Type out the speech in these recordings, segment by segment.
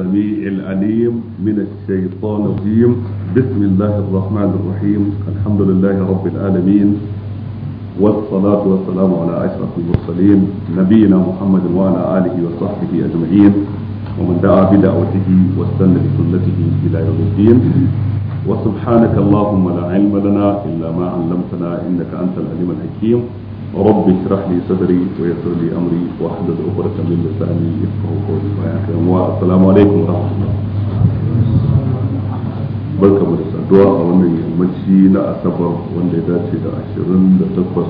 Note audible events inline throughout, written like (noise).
السميع العليم من الشيطان الرجيم بسم الله الرحمن الرحيم الحمد لله رب العالمين والصلاة والسلام على أشرف المرسلين نبينا محمد وعلى آله وصحبه أجمعين ومن دعا بدعوته واستنى بسنته إلى يوم الدين وسبحانك اللهم لا علم لنا إلا ما علمتنا إنك أنت العليم الحكيم رب اشرح لي صدري ويسر لي امري واحلل عقدة من لساني يفقهوا قولي السلام عليكم ورحمة الله barka mu da saduwa a wannan yammaci na asabar wanda ya dace da ashirin da takwas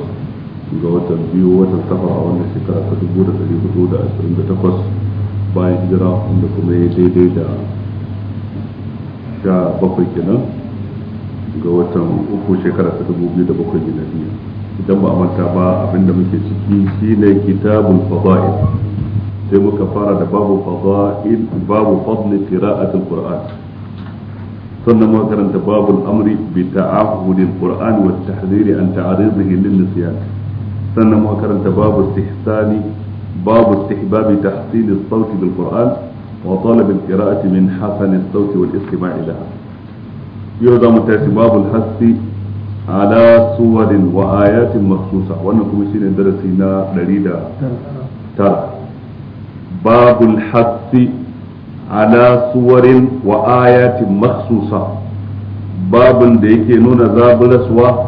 ga watan biyu watan safar a wannan shekara ta dubu da dari hudu da ashirin da takwas bayan hijira wanda kuma ya daidai da sha bakwai kenan ga watan uku shekara ta dubu biyu da bakwai miladiya idan ba manta ba abinda muke ciki shine kitabul fada'il sai muka fara da babu fada'il babu fadl qira'atul qur'an sannan muka karanta babul amri bi ta'ahudil qur'an wa tahdhiri an ta'aridihi lin nisyan sannan muka karanta babu istihsani babu istihbabi tahsil as-sawt bil qur'an wa talab al-qira'ati min hasan as-sawt wal istima'i laha yau za mu tashi babul hasi ala suwar wa ayatin maksusa wannan kuma shi ne darasi na 109 babul hasi ala suwarin wa ayatin maksusa babun da yake nuna zabulaswa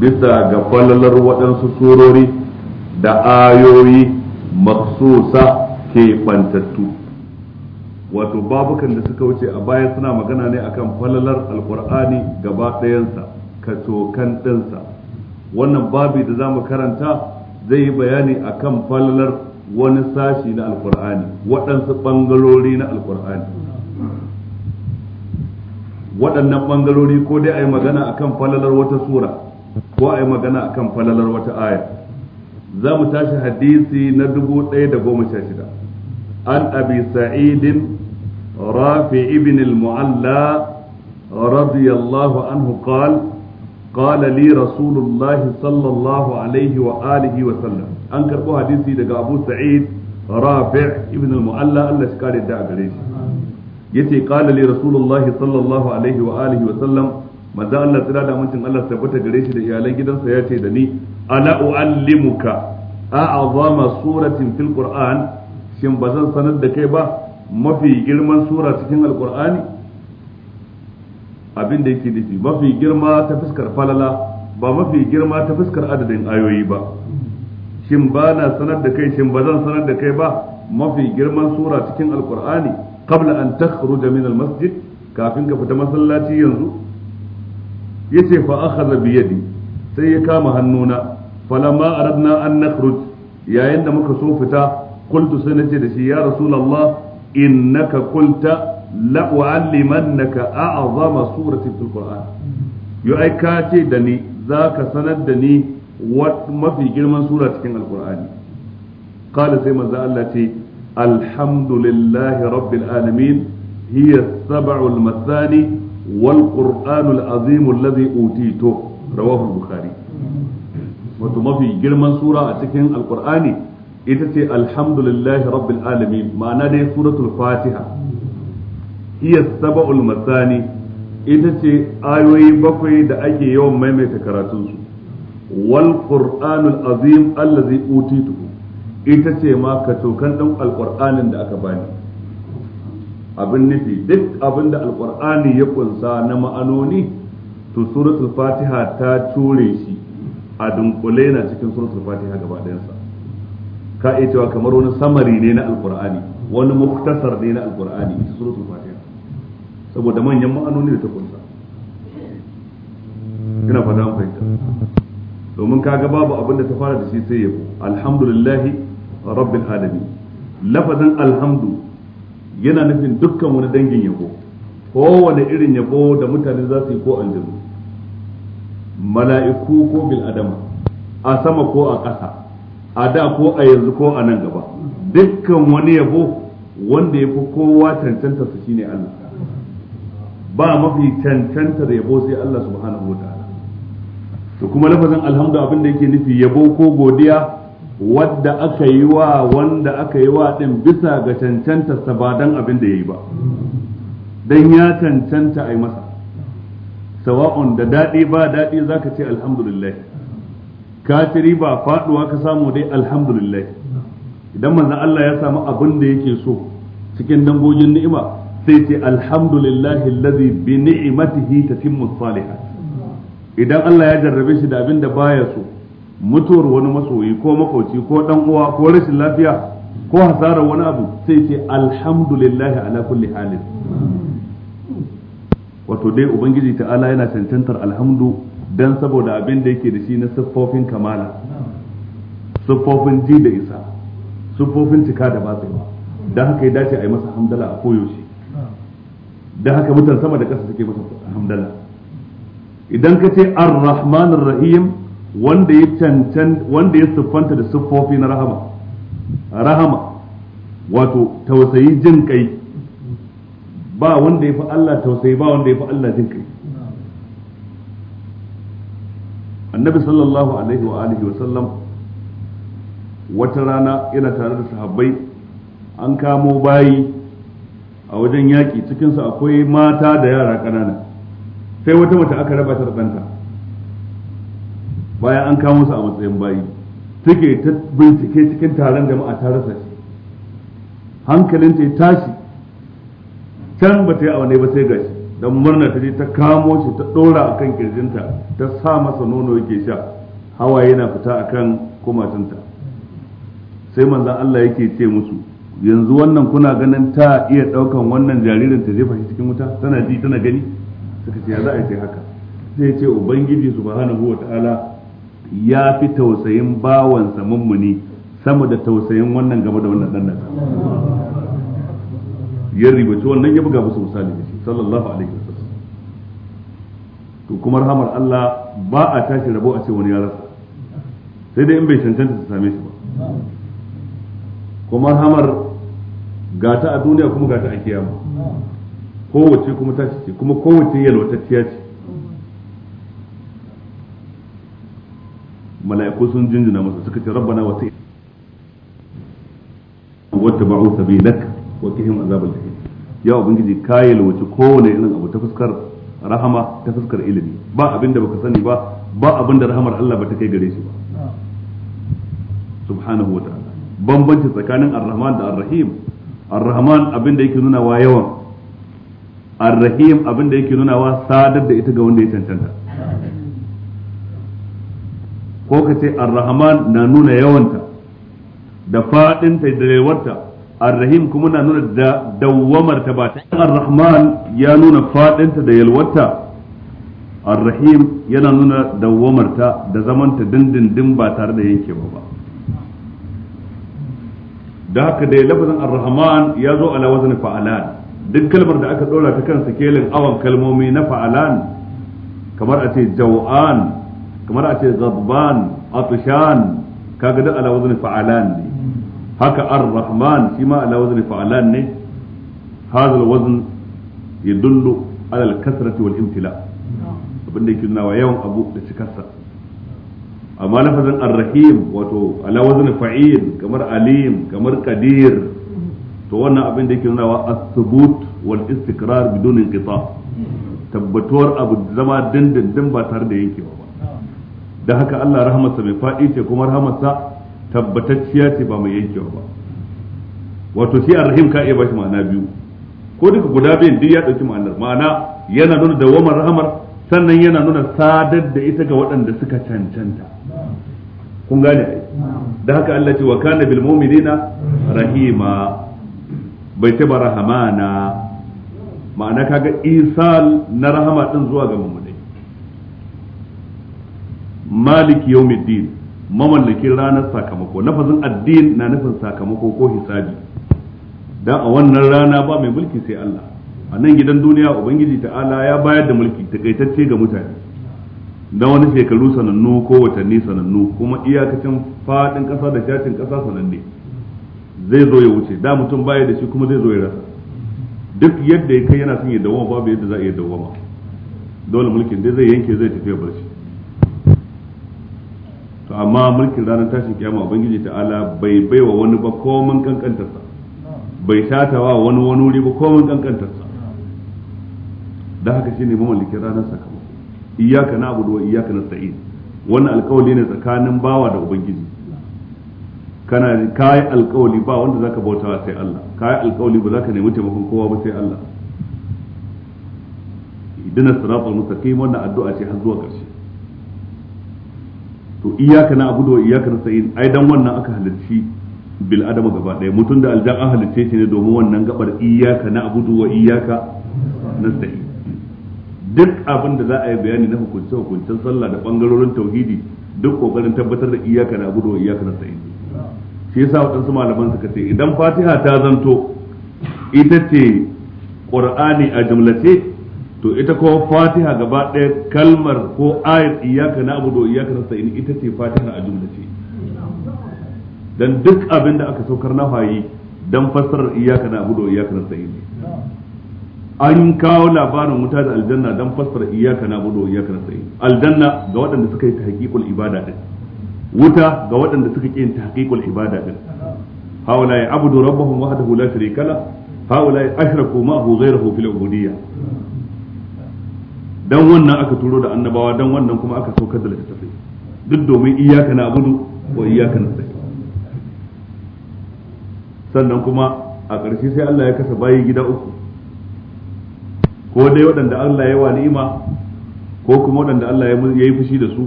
bisa ga falalar waɗansu surori da ayoyi maksusa ke bantattu wato babukan da suka wuce a baya suna magana ne akan falalar alkur'ani gaba ɗayansa kacokan ɗinsa wannan babi da za mu karanta zai yi bayani a kan falalar wani sashi na alkur'ani waɗansu ɓangarori na alkur'ani waɗannan ɓangarori ko dai a yi magana a kan falalar wata sura ko a yi magana a kan falalar wata aya za mu tashi hadisi na dubu ɗaya da goma sha shida an abi sa'idin rafi ibn al-mu'alla radiyallahu anhu qala qala li rasulullah sallallahu alaihi wa wa sallam an karbo hadisi daga Abu Sa'id Rafi' ibn al-Mu'alla Allah shi kare da gare shi yace qala li rasulullah sallallahu alaihi wa wa sallam manzo Allah tsira da mutum Allah tabbata gare shi da iyalan gidansa yace da ni ala uallimuka a'azama suratin fil qur'an shin bazan sanar da kai ba mafi girman sura cikin abin da yake nufi mafi girma ta fuskar falala ba mafi girma ta fuskar adadin ayoyi ba shin ba na sanar da kai shin ba zan sanar da kai ba mafi girman sura cikin alkur'ani qabla an takhruja min almasjid kafin ka fita masallaci yanzu yace fa akhadha bi yadi sai ya kama hannuna falamma aradna an nakhruj yayin da muka so fita qultu sai nace da shi ya rasulullah innaka qulta la u'allimannaka a'zama suratin fil qur'an yo ai ka ce da ni zaka sanar da ni mafi girman sura cikin alqur'ani qala sai manzo Allah ce alhamdulillahi rabbil alamin hiya as-sab'u al wato mafi girman sura a cikin alqur'ani ita ce alhamdulillahi rabbil alamin ma'ana dai suratul fatiha hiya sab'ul masani ita ce ayoyi bakwai da ake yawan maimaita karatunsu wal qur'anul azim allazi utituhu ita ce ma ka tokan ɗan alqur'anin da aka bani abin nufi duk abin da alqur'ani ya kunsa na ma'anoni to suratul fatiha ta ture shi a dunkule na cikin suratul fatiha gaba ɗayansa ka iya cewa kamar wani samari ne na alqur'ani wani muktasar ne na alqur'ani ita suratul fatiha saboda manyan ma'anoni da ta kunsa ina fata an fahimta domin kaga babu abin da ta fara da shi sai yabo alhamdulillahi rabbil alamin lafazin alhamdu yana nufin dukkan wani dangin yabo kowane irin yabo da mutane za su yi ko aljanu mala'iku ko bil adama a sama ko a ƙasa a da ko a yanzu ko a nan gaba dukkan wani yabo wanda ya fi kowa cancanta su shine Allah ba mafi cancantar yabo sai Allah subhanahu wa ta'ala to kuma lafazin alhamdu abin da yake nufi yabo ko godiya wadda aka yi wa wanda aka yi wa din bisa ga sa ba dan abin da ya ba dan ya cancanta a masa sawa'un da daɗi ba daɗi zaka ce alhamdulillah ka ci riba faɗuwa ka samu dai alhamdulillah idan manzan Allah ya samu abin da yake so cikin dangogin ni'ima sai ce alhamdulillahi lazi bi ni'matihi tatimmu salihat idan Allah ya jarrabe shi da abin da baya so mutuwar wani masoyi ko makauci ko dan uwa ko rashin lafiya ko hasarar wani abu sai ce alhamdulillahi ala kulli halin wato dai ubangiji ta'ala yana cancantar alhamdu dan saboda abin da yake da shi na siffofin kamala siffofin ji da isa siffofin cika da batsewa don haka ya dace a yi masa hamdala a koyaushe da haka mutan sama da ƙasa suke masa hamdala idan ka ce ar-rahman rahim wanda ya cancan wanda ya siffanta da siffofi na rahama rahama wato tausayi jin kai ba wanda ya fi Allah tausayi ba wanda ya fi Allah jin kai annabi sallallahu alaihi wa alihi wa sallam wata rana yana tare da sahabbai an kamo bayi a wajen yaƙi cikinsu akwai mata da yara ƙanana sai wata mace aka raba ta ɗanta bayan an kamo su a matsayin bayi take ta bincike cikin taron jama'a ta rasa shi hankalinta ya tashi can ba ta yi aune ba sai gashi Don murna ta je ta kamo shi ta ɗora a kan kirjinta ta sa masa nono yake sha hawaye na fita a kan kumatinta sai manzan Allah yake ce musu yanzu wannan kuna ganin ta iya daukan wannan jaririn ta jefa shi cikin wuta tana ji tana gani suka ce ya za a ce haka sai ce ubangiji subhanahu wataala ya fi tausayin bawansa mummuni sama da tausayin wannan game da wannan dan nasa ya ribaci wannan ya buga musu misali da shi sallallahu alaihi wasallam to kuma rahamar Allah ba a tashi rabo a ce wani ya rasa sai dai in bai cancanta ta same shi ba kuma rahamar ga ta a duniya kuma ga ta a kiyama kowace kuma ta ce kuma kowace yalwatacciya ce mala'iku sun jinjina masa suka ce rabbana wa ta wata ba'u sabilak wa kihim azabal jahim ya ubangiji ka yalwace kowane irin abu ta fuskar rahama ta fuskar ilimi ba abin da baka sani ba ba abin da rahamar Allah ba ta kai gare shi ba subhanahu wa ta'ala bambanci tsakanin ar-rahman da ar-rahim ar-rahman abin da yake nuna wa yawan ar-rahim abin da yake nuna wa sadar da ita ga wanda ya tantanta. ko ka ar-rahman na nuna yawanta da fadin ta da rewarta ar-rahim kuma na nuna da dawwamar ta ba ar-rahman ya nuna fadin ta da yalwarta ar-rahim yana nuna dawwamar ta da zaman ta dindindin ba tare da yankewa ba da haka dai lafazin ar-rahman ya zo ala wazn fa'alan duk kalmar da aka dora ta kan sikelin awan kalmomi na fa'alan kamar a ce jaw'an kamar a ce ghadban atshan kaga duk ala wazn fa'alan ne haka ar-rahman shi ma ala wazn fa'alan ne hadha al-wazn yadullu ala al-kasrati wal-imtila abinda yake nuna yawan abu da cikarsa amma lafazin arrahim rahim wato ala wazn fa'il kamar alim kamar qadir to wannan abin da yake nuna wa as wal istiqrar bidun inqita tabbatuwar abu zama dindindin ba tare da yankewa ba da haka Allah rahmatsa mai faɗi ce kuma rahmatsa tabbatacciya ce ba mai yankewa ba wato shi arrahim rahim ka iya bashi ma'ana biyu ko duka guda biyun duk ya dauki ma'anar ma'ana yana nuna da wamar rahmar sannan yana nuna sadar da ita ga waɗanda suka cancanta kun gane ai da haka Allah ce wa kana bil mu'minina rahima bai ce ba rahamana ma'ana kaga isal na rahama din zuwa ga mu'minai malik yawmiddin mamallakin ranar sakamako nafazin addin na nufin sakamako ko hisabi dan a wannan rana ba mai mulki sai Allah a nan gidan duniya ubangiji ta'ala ya bayar da mulki takaitacce ga mutane na wani shekaru sanannu ko watanni sanannu kuma iyakacin fadin kasa da shacin kasa sananne zai zo ya wuce da mutum baya da shi kuma zai zo ya rasa duk yadda ya kai yana son ya dawoma babu yadda za a iya dawoma dole mulkin dai zai yanke zai tafi ya bar shi to amma mulkin ranar tashin kiyama ubangiji ta'ala bai baiwa wani ba komin kankantarsa bai tatawa wani wani wuri ba komin kankantarsa da haka shi shine mamallakin ranar sakamako na na'budu wa na nasta'in wannan alkawali ne tsakanin bawa da ubangiji kana kai alkawali ba wanda zaka bautawa sai Allah kai alkawali ba zaka nemi taimakon kowa ba sai Allah ihdina siratal mustaqim wannan addu'a ce har zuwa ƙarshe to iyaka na na'budu wa na nasta'in ai dan wannan aka halarci bil adama gaba ɗaya mutum da aljan an halicce shi ne domin wannan gabar iyaka na na'budu wa na nasta'in duk abin da za a yi bayani na hukunce hukuncen sallah da bangarorin tauhidi duk kokarin tabbatar da iyaka na gudu iyaka na sa'in shi yasa waɗansu malaman suka ce idan fatiha ta zanto ita ce qur'ani a jumlace to ita ko fatiha gaba ɗaya kalmar ko ayat iyaka na abu iyaka na sa'in ita ce fatiha a jumlace dan duk abin da aka saukar na hayi dan fassarar iyaka na abu iyaka na sa'in an kawo labarin wuta da aljanna don fassara iyaka na budu iyaka na sayi aljanna ga waɗanda suka yi ta haƙiƙul ibada din wuta ga waɗanda suka ta haƙiƙul ibada din haula ya abudu rabbahum wahdahu la sharika la haula ya ashraku ma'ahu ghayrahu fil ubudiyya dan wannan aka turo da annabawa dan wannan kuma aka saukar da littattafai duk domin iyaka na budu wa iyaka na sayi sannan kuma a ƙarshe sai Allah ya kasa bayi gida uku ko dai waɗanda Allah ya wa ni'ima ko kuma waɗanda Allah ya yi fushi da su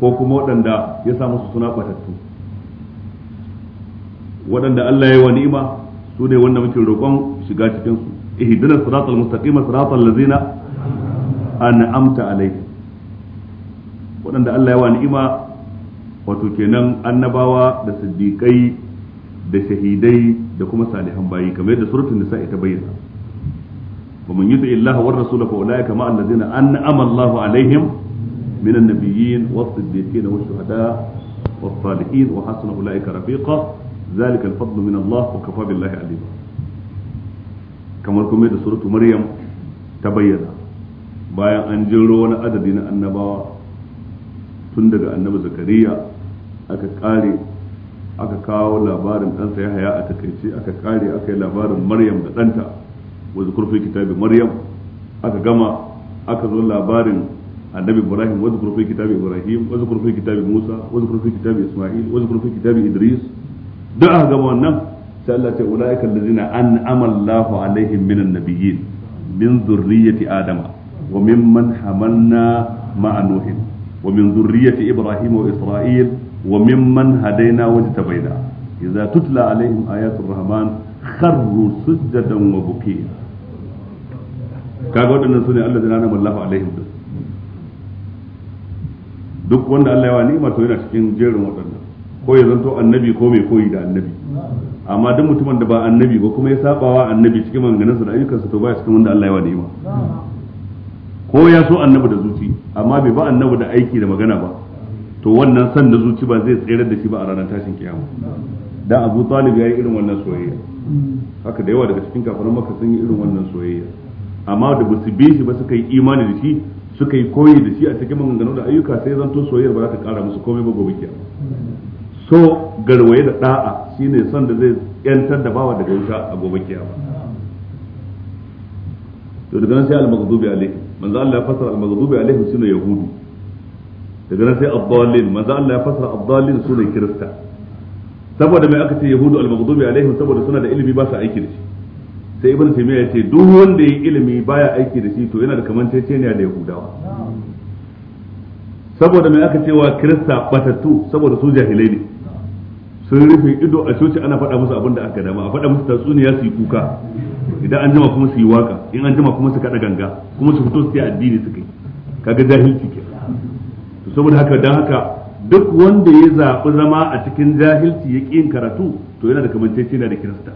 ko kuma waɗanda ya sa musu suna kwatattu waɗanda Allah ya yi wa ni'ima su ne wanda muke roƙon shiga cikin su ihdinas siratal mustaqima siratal ladzina an'amta alaihim waɗanda Allah ya wa ni'ima wato kenan annabawa da siddiqai da shahidai da kuma salihan bayi kamar yadda suratul nisa ta bayyana ومن يطع الله والرسول فاولئك مع الذين انعم الله عليهم من النبيين والصديقين والشهداء والصالحين وحسن اولئك رفيقا ذلك الفضل من الله وكفى بالله عليما. كما قلت سوره مريم تبين بايا an jiro wani adadi na annabawa tun زكريا annabi zakariya aka kare aka kawo labarin ɗansa ya haya a takaice aka kare aka yi labarin maryam da ɗanta wa zukur fi maryam aka gama aka zo labarin annabi ibrahim wa zukur fi ibrahim wa zukur fi musa wa zukur fi isma'il wa zukur fi idris duk aka gama wannan sai Allah ya ce adama wa wa min tutla rahman kaga waɗannan ne Allah zai nana mallafa alaihim din duk wanda Allah ya wa ni'ima to yana cikin jerin waɗannan ko ya zanto annabi ko mai koyi da annabi amma duk mutumin da ba annabi ba kuma ya sabawa annabi cikin sa da ayyukansa to ba cikin wanda Allah ya wa ni'ima ko ya so annabi da zuci amma bai ba annabi da aiki da magana ba to wannan san da zuci ba zai tsere da shi ba a ranar tashin kiyama dan Abu Talib yayi irin wannan soyayya haka da yawa daga cikin kafirin Makka sun yi irin wannan soyayya amma da basu bi shi ba suka yi imani da shi suka yi koyi da shi a cikin maganganu da ayyuka sai zanto soyayyar ba za ta kara musu komai ba gobe kiyama so garwaye da da'a shine son da zai yantar da bawa daga wuta a gobe ba. to daga nan sai al-maghdubi alaihi manzo Allah ya fasara al-maghdubi alaihi sune yahudu daga nan sai ad-dallin manzo Allah ya fasara ad-dallin sune kirista saboda mai aka ce yahudu al-maghdubi alaihim saboda suna da ilimi ba su aiki da shi sai ibn taymiya ya ce duk wanda ya ilimi baya aiki da shi to yana da kamanceceniya da yahudawa saboda mai aka cewa kirista batattu saboda su jahilai ne sun rufe ido a coci ana faɗa musu abin da aka dama a faɗa musu tatsuniya su kuka idan an jima kuma su yi waka in an jima kuma su kaɗa ganga kuma su fito su yi addini su kai kaga jahilci ke to saboda haka dan haka duk wanda ya zaɓi zama a cikin jahilci ya ƙi yin karatu to yana da kamanceceniya da kirista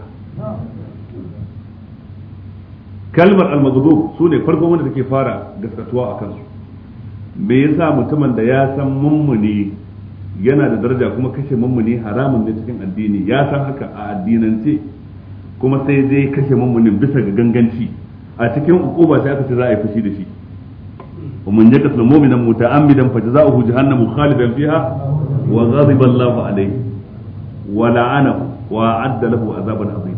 kalmar almaghdub su ne farko wanda take fara gaskatuwa a kansu me yasa mutumin da ya san mummuni yana da daraja kuma kashe mummuni haramun ne cikin addini ya san haka a addinance kuma sai zai kashe mummunin bisa ga ganganci a cikin ukuba sai aka ce za a yi fushi da shi ومن يقتل مؤمنا متعمدا فجزاؤه جهنم خالدا فيها وغضب الله عليه ولعنه وأعد له عذابا عظيما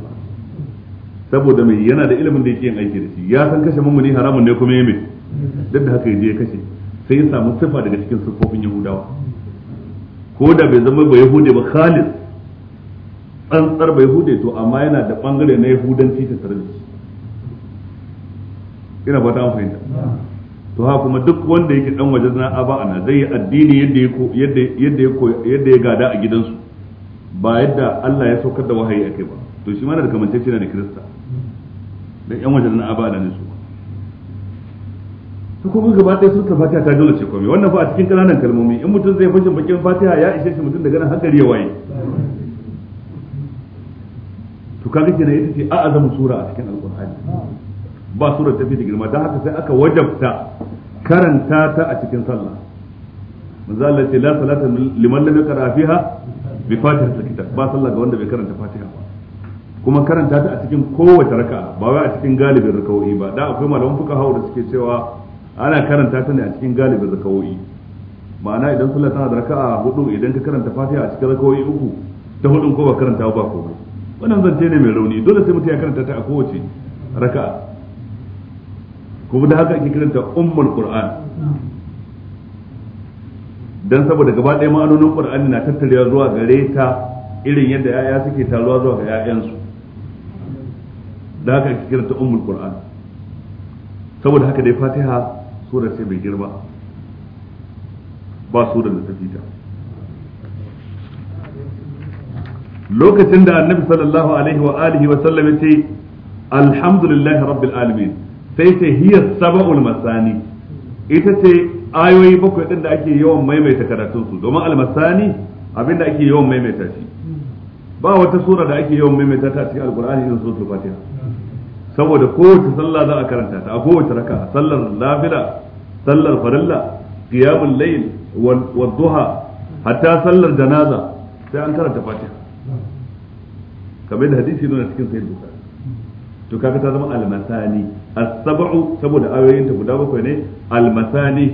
saboda mai yana da ilimin da yake yin aiki da shi ya san kashe mummuni haramun ne kuma yame duk da haka ya je ya kashe sai ya samu sifa daga cikin siffofin yahudawa ko da bai zama ba yahude ba khalis tsantsar ba yahude to amma yana da bangare na yahudanci ta tare shi ina ba ta amfani to haka kuma duk wanda yake dan waje na ba ana zai yi addini yadda ya yadda yadda ya yadda ya gada a gidansu ba yadda Allah ya saukar da wahayi a akai ba to shi ma da kamantacce na da kirista da yan wajen na aba da nisu su kuma gaba ɗaya suka fatiha ta dole ce komai wannan fa a cikin ƙananan kalmomi in mutum zai fashin bakin fatiha ya ishe shi mutum daga nan hankali ya waye to kaga kenan ita ce a'azamu sura a cikin alqur'ani ba sura ta fi da girma dan haka sai aka wajabta karanta ta a cikin sallah manzo Allah ce la salata liman lam yaqra fiha bi fatihatil kitab ba sallah ga wanda bai karanta fatiha kuma karanta ta a cikin kowace raka'a ba wai a cikin galibin rakawoyi ba da akwai malaman hawa da suke cewa ana karanta ta ne a cikin galibin rakawoyi ma'ana idan sallah tana da raka'a hudu idan ka karanta fatiha a cikin rakawoyi uku ta hudu ko ba karanta ba ba wannan zance ne mai rauni dole sai mutum ya karanta ta a kowace raka'a kuma da haka ake karanta ummul qur'an dan saboda gaba ɗaya ma'anonin qur'ani na tattarewa zuwa gare ta irin yadda 'ya'ya suke taruwa zuwa ga 'ya'yansu da haka ake kiranta ummul qur'an saboda haka dai fatiha sura ce mai girma ba sura da ta fita lokacin da annabi sallallahu alaihi wa alihi wa sallam ya ce alhamdulillahi rabbil alamin sai ce hiya sab'ul masani ita ce ayoyi bakwai din da ake yawan maimaita karatun su domin almasani abinda ake yawan maimaita shi ba wata sura da ake yawan maimaita ta cikin alqur'ani irin suratul fatiha saboda kowace sallah za a karanta ta a kowace raka sallar lafila sallar farilla qiyamul layl wa duha hatta sallar janaza sai an karanta fatiha kamar da hadisi nuna cikin sahih bukhari to kaga ta zama almasani as-sab'u saboda ayoyin ta guda bakwai ne almasani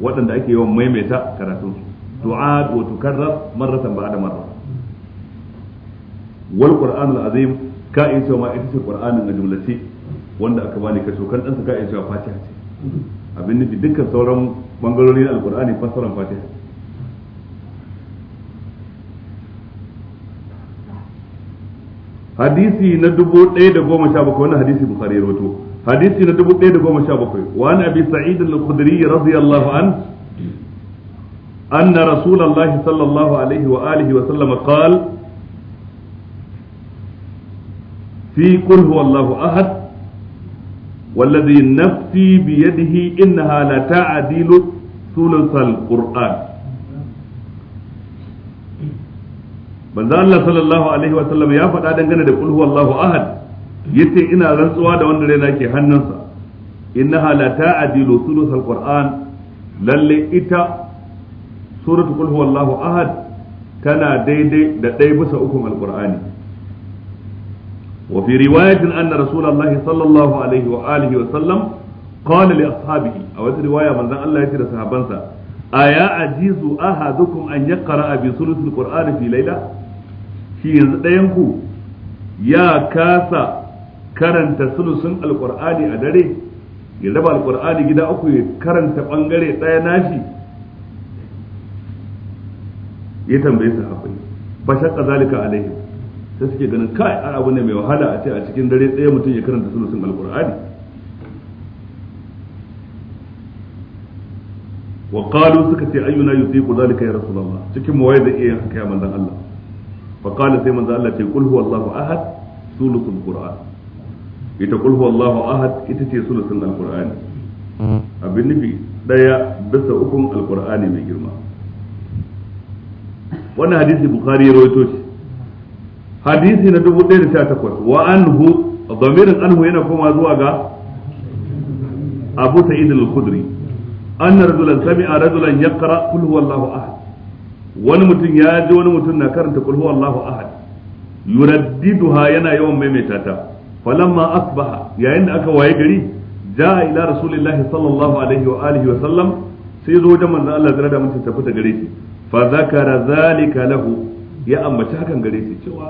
waɗanda ake yawan maimaita karatun su tu'ad wa tukarrar marratan ba'da marra wal qur'an al-azim ka iya cewa ma ita ce qur'anin a jumlace wanda aka bani kaso kan ɗansa ka iya cewa fatiha ce abin nufi dukkan sauran bangarori na alqur'ani fasaran fatiha hadisi na dubu ɗaya da goma sha bakwai wannan hadisi bukhari ya rawaito hadisi na dubu ɗaya da goma sha bakwai wa an abi sa'id al-khudri radiyallahu an anna rasulullahi sallallahu alaihi wa alihi wa sallama qala في قل هو الله أحد والذي نفسي بيده إنها لتعديل ثلث القرآن manzo Allah sallallahu alaihi wa sallam ya faɗa dangane da kulhu Allahu ahad yace ina rantsuwa da wanda raina ke hannunsa innaha la ta'dilu thuluth alquran lalle ita suratu kulhu Allahu ahad tana daidai da ɗaya bisa ukun alqur'ani وفي رواية أن رسول الله صلى الله عليه وآله وسلم قال لأصحابه أو رواية من ذا الله يترى صحابانسا أيا عجيز أحدكم أن يقرأ بثلث القرآن في ليلة shi yanzu ɗayanku ya kasa karanta sulusun alkur'ani a dare ya raba alkur'ani gida uku ya karanta ɓangare ɗaya nashi ya tambaye sahabbai ba shakka zalika alaihim sai suke ganin kai an abu ne mai wahala a ce a cikin dare ɗaya mutum ya karanta sulusun alkur'ani wa qalu suka ce ayyuna yutiqu zalika ya rasulullah cikin mu waye da iya haka ya manzon Allah fa qala sai manzon Allah ce qul huwallahu ahad sulusul qur'an ita qul huwallahu ahad ita ce sulusun alkur'ani abin nufi daya bisa ukun alkur'ani mai girma wannan hadisi bukhari ya rawaito shi hadisi na 1018 wa anhu dhamirin anhu yana koma zuwa ga Abu Sa'id al-Khudri anna rajulan sami'a rajulan yaqra qul huwallahu ahad wani mutum ya ji wani mutum na karanta qul huwallahu ahad yuraddiduha yana yawan maimaita ta ma asbaha yayin da aka waye gari jaa ila rasulillahi sallallahu alaihi wa alihi wa sallam sai zo da manzon Allah zira da mutum tafi ta ya ambaci hakan gare shi cewa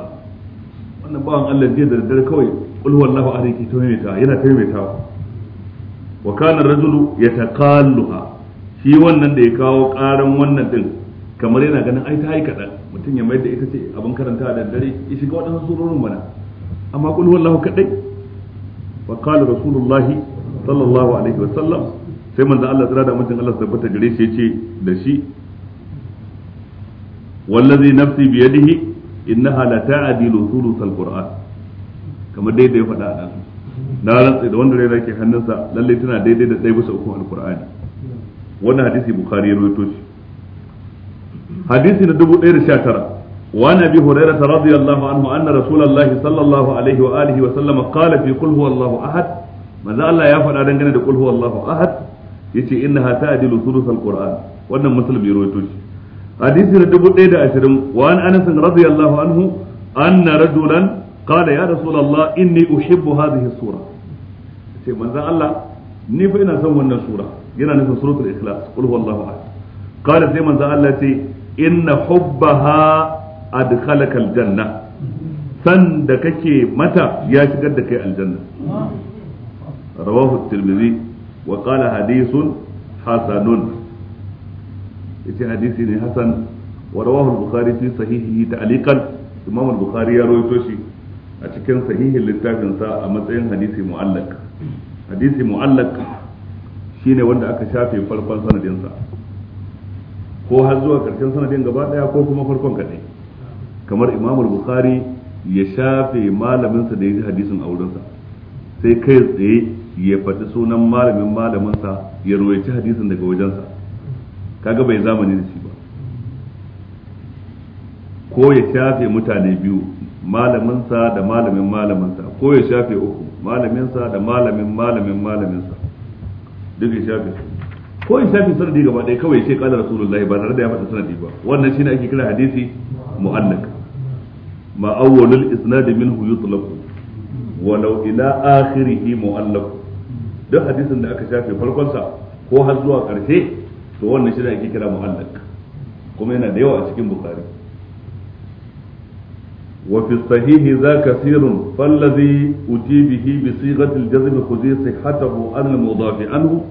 wannan bawan Allah jiya da daddare kawai qul huwallahu ahad yake taimaita yana taimaitawa wa kana rajulu yataqalluha shi wannan da ya kawo karan wannan din kamar yana ganin ai ta yi kadan mutum ya mayar da ita ce abin karanta da daddare ya shiga waɗansu surorin mana amma qul huwallahu kadai wa qala rasulullahi sallallahu alaihi wa sallam sai manzo Allah tsira da mutum Allah tabbata gare shi ya ce da shi wallazi nafsi biyadihi innaha la ta'dilu thuluth alquran kamar dai ya faɗa a na rantsa da wanda rai ke hannunsa lalle tana daidai da ɗaya bisa uku alqur'ani wannan hadisi bukhari ya rawaito hadisi na 1019 وعن ابي هريره رضي الله عنه ان رسول الله صلى الله عليه واله وسلم قال في قل هو الله احد ماذا الله يا فدا dangane da قل هو الله احد yace innaha ta'dilu thuluth alquran wannan muslim ya hadisi na dubu ɗaya da ashirin wa an anas radiyallahu anhu anna rajulan qala ya rasulullah inni uhibbu hadhihi sura sai manzon Allah ni fa ina son wannan sura yana nufin suratul ikhlas qul huwallahu ahad qala sai manzon Allah ce inna hubbaha adkhalaka aljanna san da kake mata ya shigar da kai aljanna rawahu tilmizi tirmidhi wa qala hadithun hasanun yace hadisi ne hasan wa rawahu al-bukhari fi sahihihi ta'liqan imam al-bukhari ya rawaito shi a cikin sahihin littafin sa a matsayin hadisi mu'allaq hadisi mu'allaq shine wanda aka shafe farkon sanadin sa ko har zuwa karshen sanadin gaba daya ko kuma farkon kadai kamar imam al-bukhari ya shafe malamin sa da ya hadisin hadisin wurin sa sai kai tsaye ya faɗi sunan malamin malamin sa ya ruwaici hadisin daga wajensa kaga bai zamani da shi ba ko ya shafe mutane biyu malaminsa da malamin malaminsa ko ya shafe uku malaminsa da malamin malamin malaminsa duk ya shafe ko ya shafe sanadi gaba ɗaya kawai sai kala rasulullahi ba tare da ya faɗa sanadi ba wannan shine ake kira hadisi mu'allaq ma awwalul isnad minhu yutlaq walau ila akhirih mu'allaq duk hadisin da aka shafe farkonsa ko har zuwa ƙarshe to wannan shi da ake kira muhallaq kuma yana da yawa a cikin bukari wa fi sahihi za kasirun fallazi uti bihi bi sighati al-jazm khudhi sihhatahu an al-mudaf anhu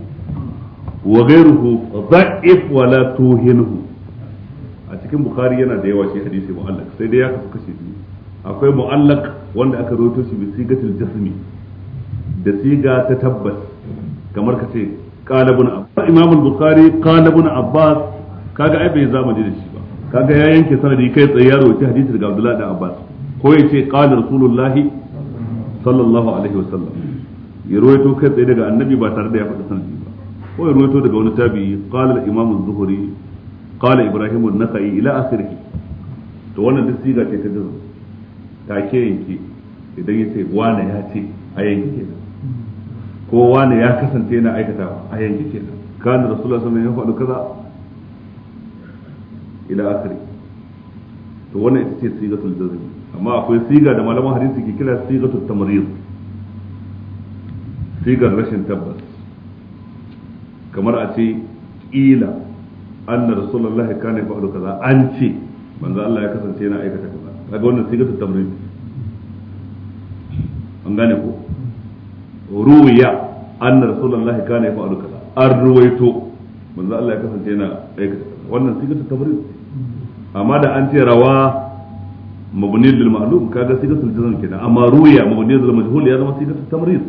wa ghayruhu dha'if wa la tuhinhu a cikin bukari yana da yawa shi hadisi mu'allaq sai dai ya kasu kashi biyu akwai mu'allaq wanda aka rawaito shi bi sighati jazm da siga ta tabbas kamar ka ce qala ibn abbas imam al-bukhari qala ibn abbas kaga ai bai zama da shi ba kaga ya yanke sanadi kai tsaye ya rawaita hadisi daga abdullahi da abbas ko ya ce qala rasulullahi sallallahu alaihi wa sallam. ya rawaito kai tsaye daga annabi ba tare da ya faɗi sanadi ba ko ya rawaito daga wani tabi'i qala al-imam az-zuhri qala ibrahim an-nakhai ila akhirih to wannan duk siga ce ta jazm take yanke idan ya yace wani ya ce a yanke kenan. kowa ne ya kasance yana aikata a yanki ke kan kana rasulullah sallallahu alaihi wasallam ya faɗi kaza ila akhiri to wannan ita ce sigatul jazm amma akwai siga da malaman hadisi ke kira sigatul tamrid sigar rashin tabbas kamar a ce ila anna rasulullahi kana fa'alu kaza an ce manzo Allah ya kasance yana aikata kaza kaga wannan sigatul tamrid an gane ko ruwiya anna rasulullahi kana yafa'alu kaza an ruwaito manzo Allah ya kasance yana aikata wannan sigatu tabrid amma da an ce rawa mabni lil ma'lum kaga sigatul jazm kenan amma ruwiya mabni lil majhul ya zama sigatul tamrid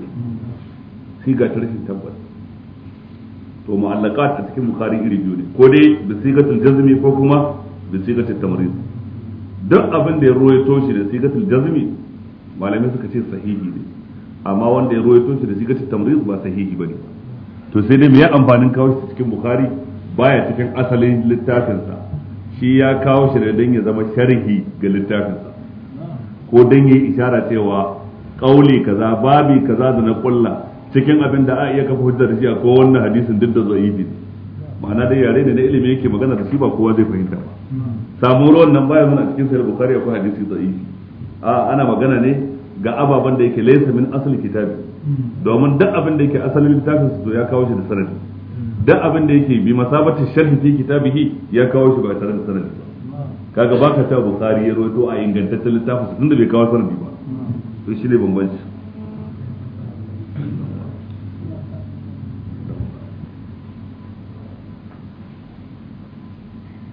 siga ta rashin tabbas to mu'allaqat ta cikin bukhari iri biyu ne ko dai da sigatul jazmi ko kuma da sigatul tamrid duk abin da ya ruwaito shi da sigatul jazmi malamai suka ce sahihi ne amma wanda ya ruwaito shi da sigatul tamriz ba sahihi bane to sai dai me ya amfanin kawo shi cikin bukhari baya cikin asalin littafinsa shi ya kawo shi ne don ya zama sharhi ga littafinsa ko don ya yi ishara cewa kauli kaza babi kaza da na kulla cikin abin da a iya kafa hujjar shi a ko wannan hadisin duk da zaifi ma'ana dai yare ne na ilimi yake magana da shi ba kowa zai fahimta ba samu ruwan nan baya nuna cikin sahih bukhari akwai hadisi zaifi a ana magana ne ga ababen da yake laisa min asali kitabi hmm. domin duk abin da yake asalin littafin su ya kawo shi da sanadi hmm. duk abin da yake bi masabati sharhi fi kitabihi ya kawo shi ba tare da sanadi ba hmm. kaga baka ta bukhari ya rawaito a ingantaccen littafin su tunda bai kawo sanadi ba to shi ne bambanci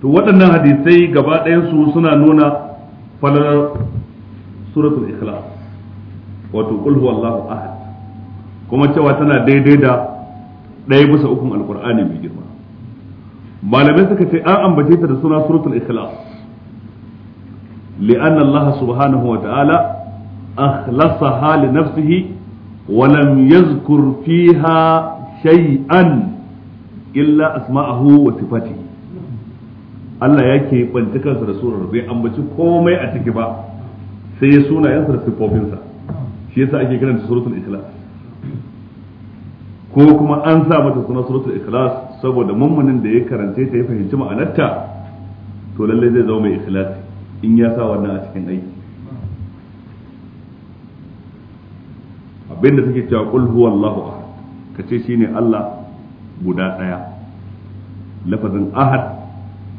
to waɗannan hadisai gaba ɗayan su suna nuna falalar suratul ikhlas wato qul huwallahu ahad kuma cewa tana daidai da ɗaya bisa ukun alqur'ani mai girma malamai suka ce an ambace ta da suna suratul ikhlas li'anna Allah subhanahu wa ta'ala akhlasaha li nafsihi wa lam yazkur fiha shay'an illa asma'ahu wa sifatihi Allah ya ke banci kansa da surar bai ambaci komai a ciki ba sai ya sunayensa da siffofinsa shi yasa ake karanta suratul ikhlas ko kuma an sa mata suna suratul ikhlas saboda mummunin da ya karanta ta ya fahimci ma'anarta to lalle zai zama mai ikhlasi in ya sa wannan a cikin aiki abinda take cewa qul huwallahu ahad kace shine Allah guda daya lafazin ahad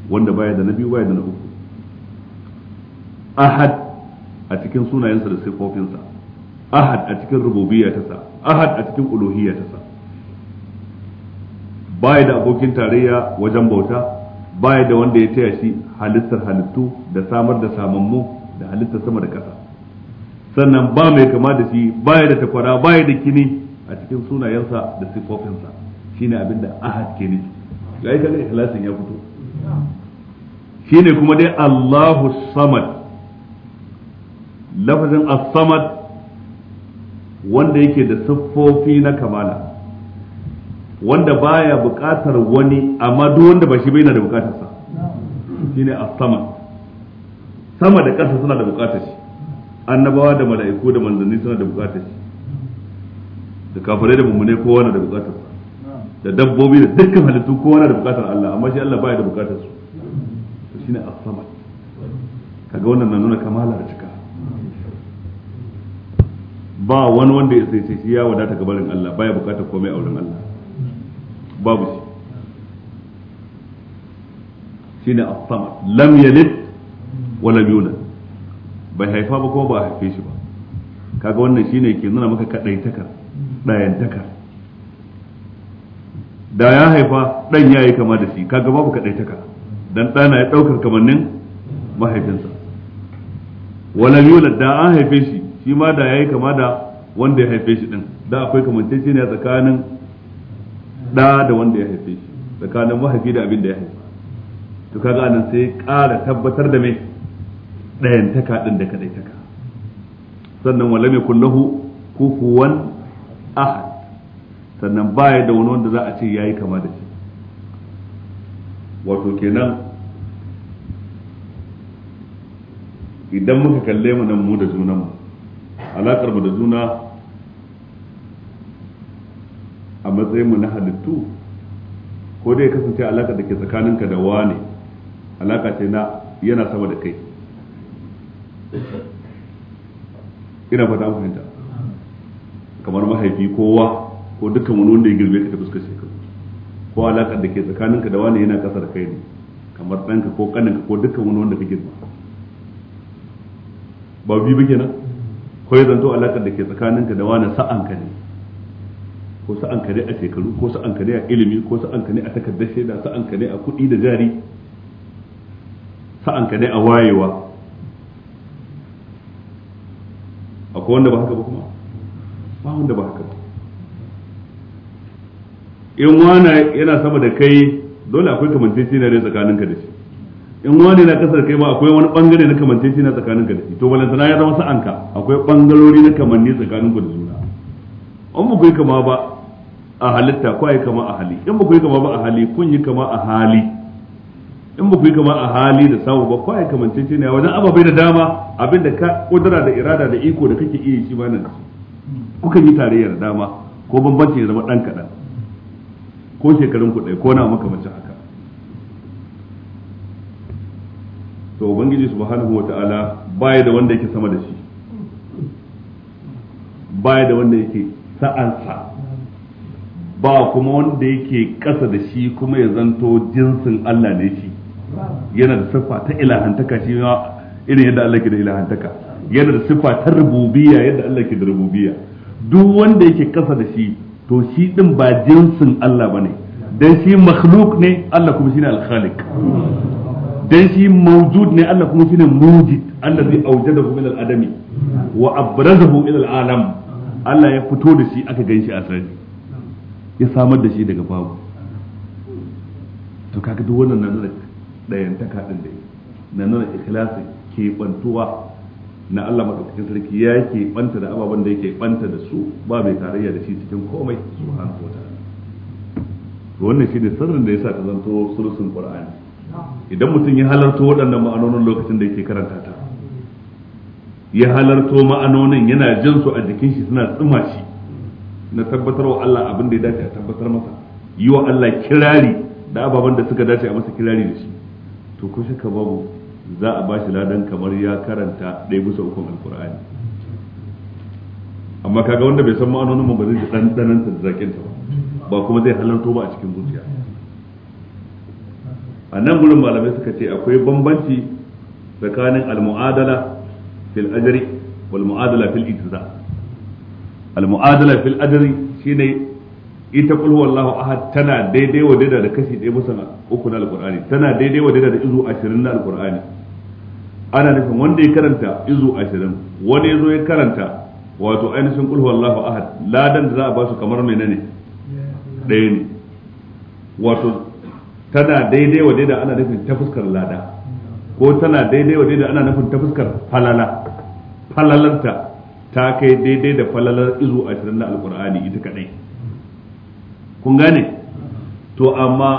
wanda baya da nabi baya da na uku ahad a cikin sunayensa da sifofinsa ahad a cikin rububiyya ta sa ahad a cikin uluhiyya ta sa baya da abokin tarayya wajen bauta baya da wanda ya taya shi halittar halittu da samar da samammu da halittar sama da ƙasa sannan ba mai kama da shi baya da takwara baya da kini a cikin sunayensa da sifofinsa shine abin da ahad ke nufi ga ita ne ikhlasin ya fito shine kuma dai Allahu samad lafazin as-samad wanda yake da siffofi na kamala wanda baya buƙatar wani amma duk wanda ba shi bai na da buƙatarsa shine as-sama sama da ƙasa suna da buƙatar shi annabawa da mala'iku da manzanni suna da buƙatar shi da kafirai da mummune kowa na da buƙatar da dabbobi da dukkan halittu kowa na da buƙatar Allah amma shi Allah baya da buƙatar su shine as-sama kaga wannan na nuna kamala da ba wani wanda ya sai shi ya wadata gabarin Allah baya bukatar komai auren Allah babu shi shine as-samad lam yalid wa lam yulad bai haifa ba kuma ba a haife shi ba kaga wannan shine ke nuna maka kadaitaka dayantaka da ya haifa dan yayi kama da shi kaga babu kadaitaka dan dana ya daukar kamannin mahaifinsa wala yulad da an haife shi shi ma da yayi kama da wanda ya haife shi din da akwai ne tsakanin da da wanda ya haife shi tsakanin mahaifi da abin da ya haifa to kaga anan sai ƙara tabbatar da me taka din da kadai taka sannan wala me kullahu kufuwan ahad sannan baya da wani wanda za a ce yayi kama da shi wato kenan idan muka kalle mu nan mu da junanmu alakar mu da juna a matsayinmu na halittu ko dai kasance alakar da ke tsakaninka da wane alaka ce na yana sama da kai ina fata fahimta kamar mahaifi kowa ko dukkan wani wanda ya girbe ka ta fuskar shekaru ko alakar da ke tsakaninka da wane yana kasar kai ne kamar ɗanka ko ƙaninka ko dukkan wani wanda ka girma ba bi ba kenan ko ya zanto alakar da ke tsakaninka da wani sa'anka ne ko sa'anka ne a shekaru ko sa'anka ne a ilimi ko sa'anka ne a takardar shaida sa'anka ne a kuɗi da jari sa'anka ne a wayewa akwai wanda ba haka ba kuma ba wanda ba haka ba in wani yana sama da kai dole akwai kamanceci ne tsakaninka da shi in wani na kasar kai ma akwai wani bangare na kamance shi na tsakanin ka da shi to balantana ya zama sa'anka akwai bangarori na kamanni tsakanin ku da juna an ba ku yi kama ba a halitta ko yi kama a hali in ba ku yi kama ba a hali kun yi kama a hali in ba ku yi kama a hali da samu ba ko yi kamance shi ne wajen ababai da dama abinda ka kudura da irada da iko da kake iya shi ba nan kukan yi tarayya da dama ko bambanci ya zama dan kaɗan ko shekarun ku ɗaya ko na makamancin haka to ubangiji subhanahu wata'ala baya da wanda yake sama da shi baya da wanda yake sa'ansa ba kuma wanda yake ƙasa da shi kuma ya zanto jinsin Allah ne shi yana da siffa ta ilahantaka shi irin yadda Allah ke da ilahantaka yana da siffa ta rububiyya yadda Allah ke da rububiyya duk wanda yake ƙasa da shi to shi din ba jinsin Allah bane dan shi makhluk ne Allah kuma shine al-khaliq dan shi mawjud ne Allah kuma shine mujid allazi awjadahu min al-adami wa abrazahu ila al-alam Allah ya fito da shi aka ganshi a sarari ya samar da shi daga babu to kaga duk wannan nan da dayan takadin da na nan ikhlasi ke bantuwa na Allah madaukakin sarki ya yake banta da ababen da yake banta da su ba mai tarayya da shi cikin komai subhanahu wa ta'ala to wannan shine sirrin da yasa ta zanto sulusun qur'ani idan mutum ya halarto waɗannan ma'anonin lokacin da yake karanta ta ya halarto ma'anonin yana jin su a jikin shi suna tsuma shi na tabbatar wa Allah abin da ya dace a tabbatar masa yi wa Allah kirari da ababen da suka dace a masa kirari da shi to ko shaka babu za a bashi ladan kamar ya karanta ɗaya bisa ukun alkur'ani amma kaga wanda bai san ma'anonin ba zai ji ɗanɗanan ta zaƙin ba ba kuma zai halarto ba a cikin zuciya a nan gurin malamai suka ce akwai bambanci tsakanin al-mu'adala fil ajri wal mu'adala fil ijza al-mu'adala fil ajri shine ita kul huwallahu ahad tana daidai wa daidai da kashi ɗaya bisa uku na alqur'ani tana daidai wa daidai da izu 20 na alqur'ani ana nufin wanda ya karanta izu 20 wani yazo ya karanta wato ainihin kul huwallahu ahad ladan da za a ba su kamar menene ɗaya ne wato tana daidai wa daidai ana nufin ta fuskar lada ko tana daidai wa daidai ana nufin ta fuskar falala Falalanta ta kai daidai da falalar izu ashirin na alkur'ani ita kadai kun gane to amma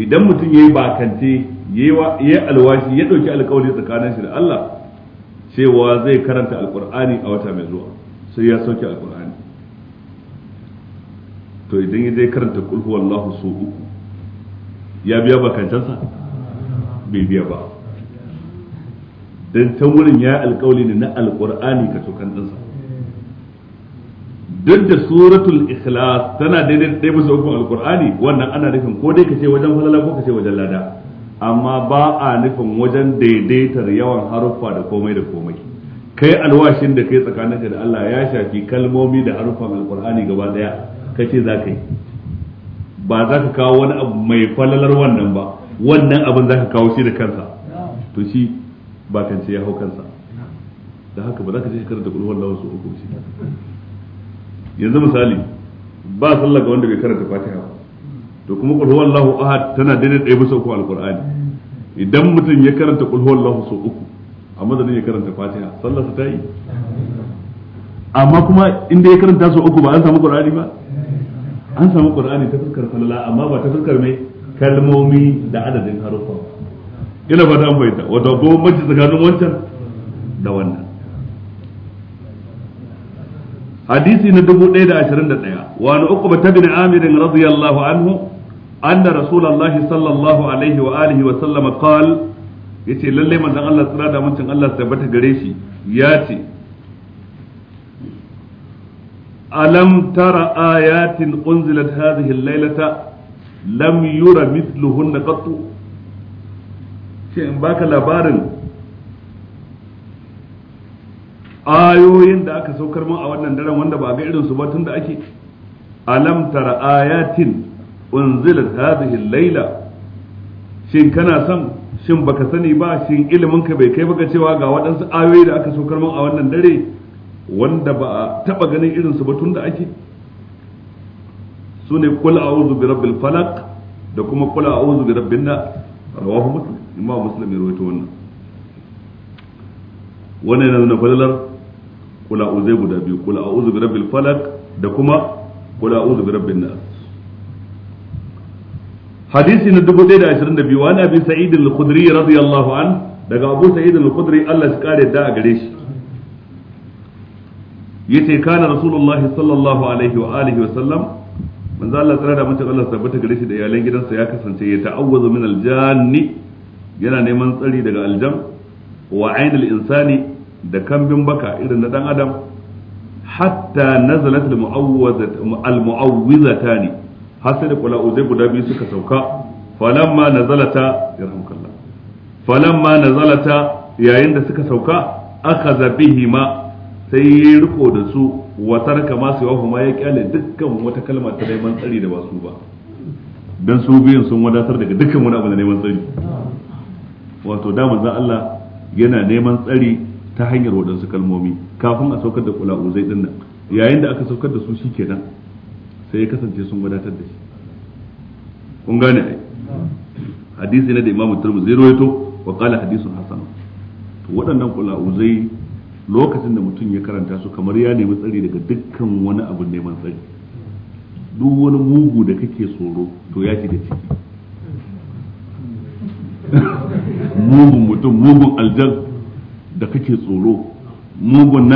idan mutum ya yi bakance ya yi alwashi ya ɗauki alkawari tsakanin shi da Allah cewa zai karanta alkur'ani a wata mai zuwa sai ya sauke alkur'ani to idan ya je karanta kulhu wallahu su uku ya biya bakancansa bai biya ba Don ta wurin ya alkawali ne na alkur'ani ka tokan duk da suratul ikhlas tana daidai da bisa uku alkur'ani wannan ana nufin ko dai ka ce wajen falala ko ka ce wajen lada amma ba a nufin wajen daidaitar yawan haruffa da komai da komai kai alwashin da kai tsakaninka da Allah ya shafi kalmomi da haruffan alkur'ani gaba daya ka ce za ka yi ba za ka kawo wani abu mai falalar wannan ba wannan abin za ka kawo shi da kansa to shi ba kan ce ya hau kansa da haka ba za ka ce karanta kudu lawan wasu uku shi yanzu misali ba sallah ga wanda bai karanta fatiha ba to kuma kulwar lahu ahad tana daidai ɗaya bisa uku alkur'ani idan mutum ya karanta kudu lahu wasu uku a madadin ya karanta fatiha sallah ta yi amma kuma inda ya karanta su uku ba an samu qur'ani ba an samu qur'ani ta fuskar falala amma ba ta fuskar mai kalmomi da adadin haruffa ina ba ta an bayyana wato ko mace tsakanin wancan da wannan hadisi na dubu da da ashirin 1021 wa an uqba bin amir radiyallahu anhu anna rasulallahi sallallahu alaihi wa alihi wa sallama qala yace lalle manzon Allah tsira da mutum Allah tabbata gare shi ya ce alam tara ayatin unzilat hadhihi al-lailata lam yura mithluhunna qattu sai in baka labarin ayoyin da aka saukar mun a wannan daren wanda ba ga irin su ba tunda ake alam tara ayatin unzilat hadhihi al-laila shin kana son shin baka sani ba shin iliminka bai kai baka cewa ga waɗansu ayoyi da aka saukar mun a wannan dare wanda ba a taba ganin irinsu ba tun da ake sune kula a wuzu bi rabbil falak da kuma kula a wuzu bi rabbin na rawahu muslim imam muslim ya rawaito wannan wannan yana nuna falalar kula a uzai guda biyu kula a wuzu bi rabbil falak da kuma kula a wuzu bi rabbin na hadisi na biyu, wani abin sa'idin al-khudri radiyallahu an daga abu sa'idin al-khudri Allah shi kare da a gare shi yace kana rasulullahi sallallahu alaihi wa alihi wa sallam manzo Allah tsara da mutum Allah tabbata gare shi da iyalan gidansa ya kasance ya ta'awwazu min aljanni yana neman tsari daga aljan wa ainul insani da kambin baka irin na dan adam hatta nazalat al-mu'awwizatani har sai da kula'uzai guda biyu suka sauka falamma nazalata yarhamukallah falamma nazalata yayin da suka sauka akhadha bihima sai ya riko da su wa tarka ma su ma ya kyale dukkan wata kalma ta neman tsari da ba su ba don su biyun sun wadatar daga dukkan wani abu da neman tsari wato da manzon Allah yana neman tsari ta hanyar waɗansu kalmomi kafin a saukar da kula uzai din nan yayin da aka saukar da su shi kenan sai ya kasance sun wadatar da shi kun gane ai hadisi na da imamu turmuzi rawaito wa kala hadisun hasan to waɗannan kula uzai lokacin da mutum ya karanta su kamar ya nemi tsari daga dukkan wani abu neman tsari duk wani mugu da kake tsoro to ya da ciki mugun mutum mugun aljan da kake tsoro mugun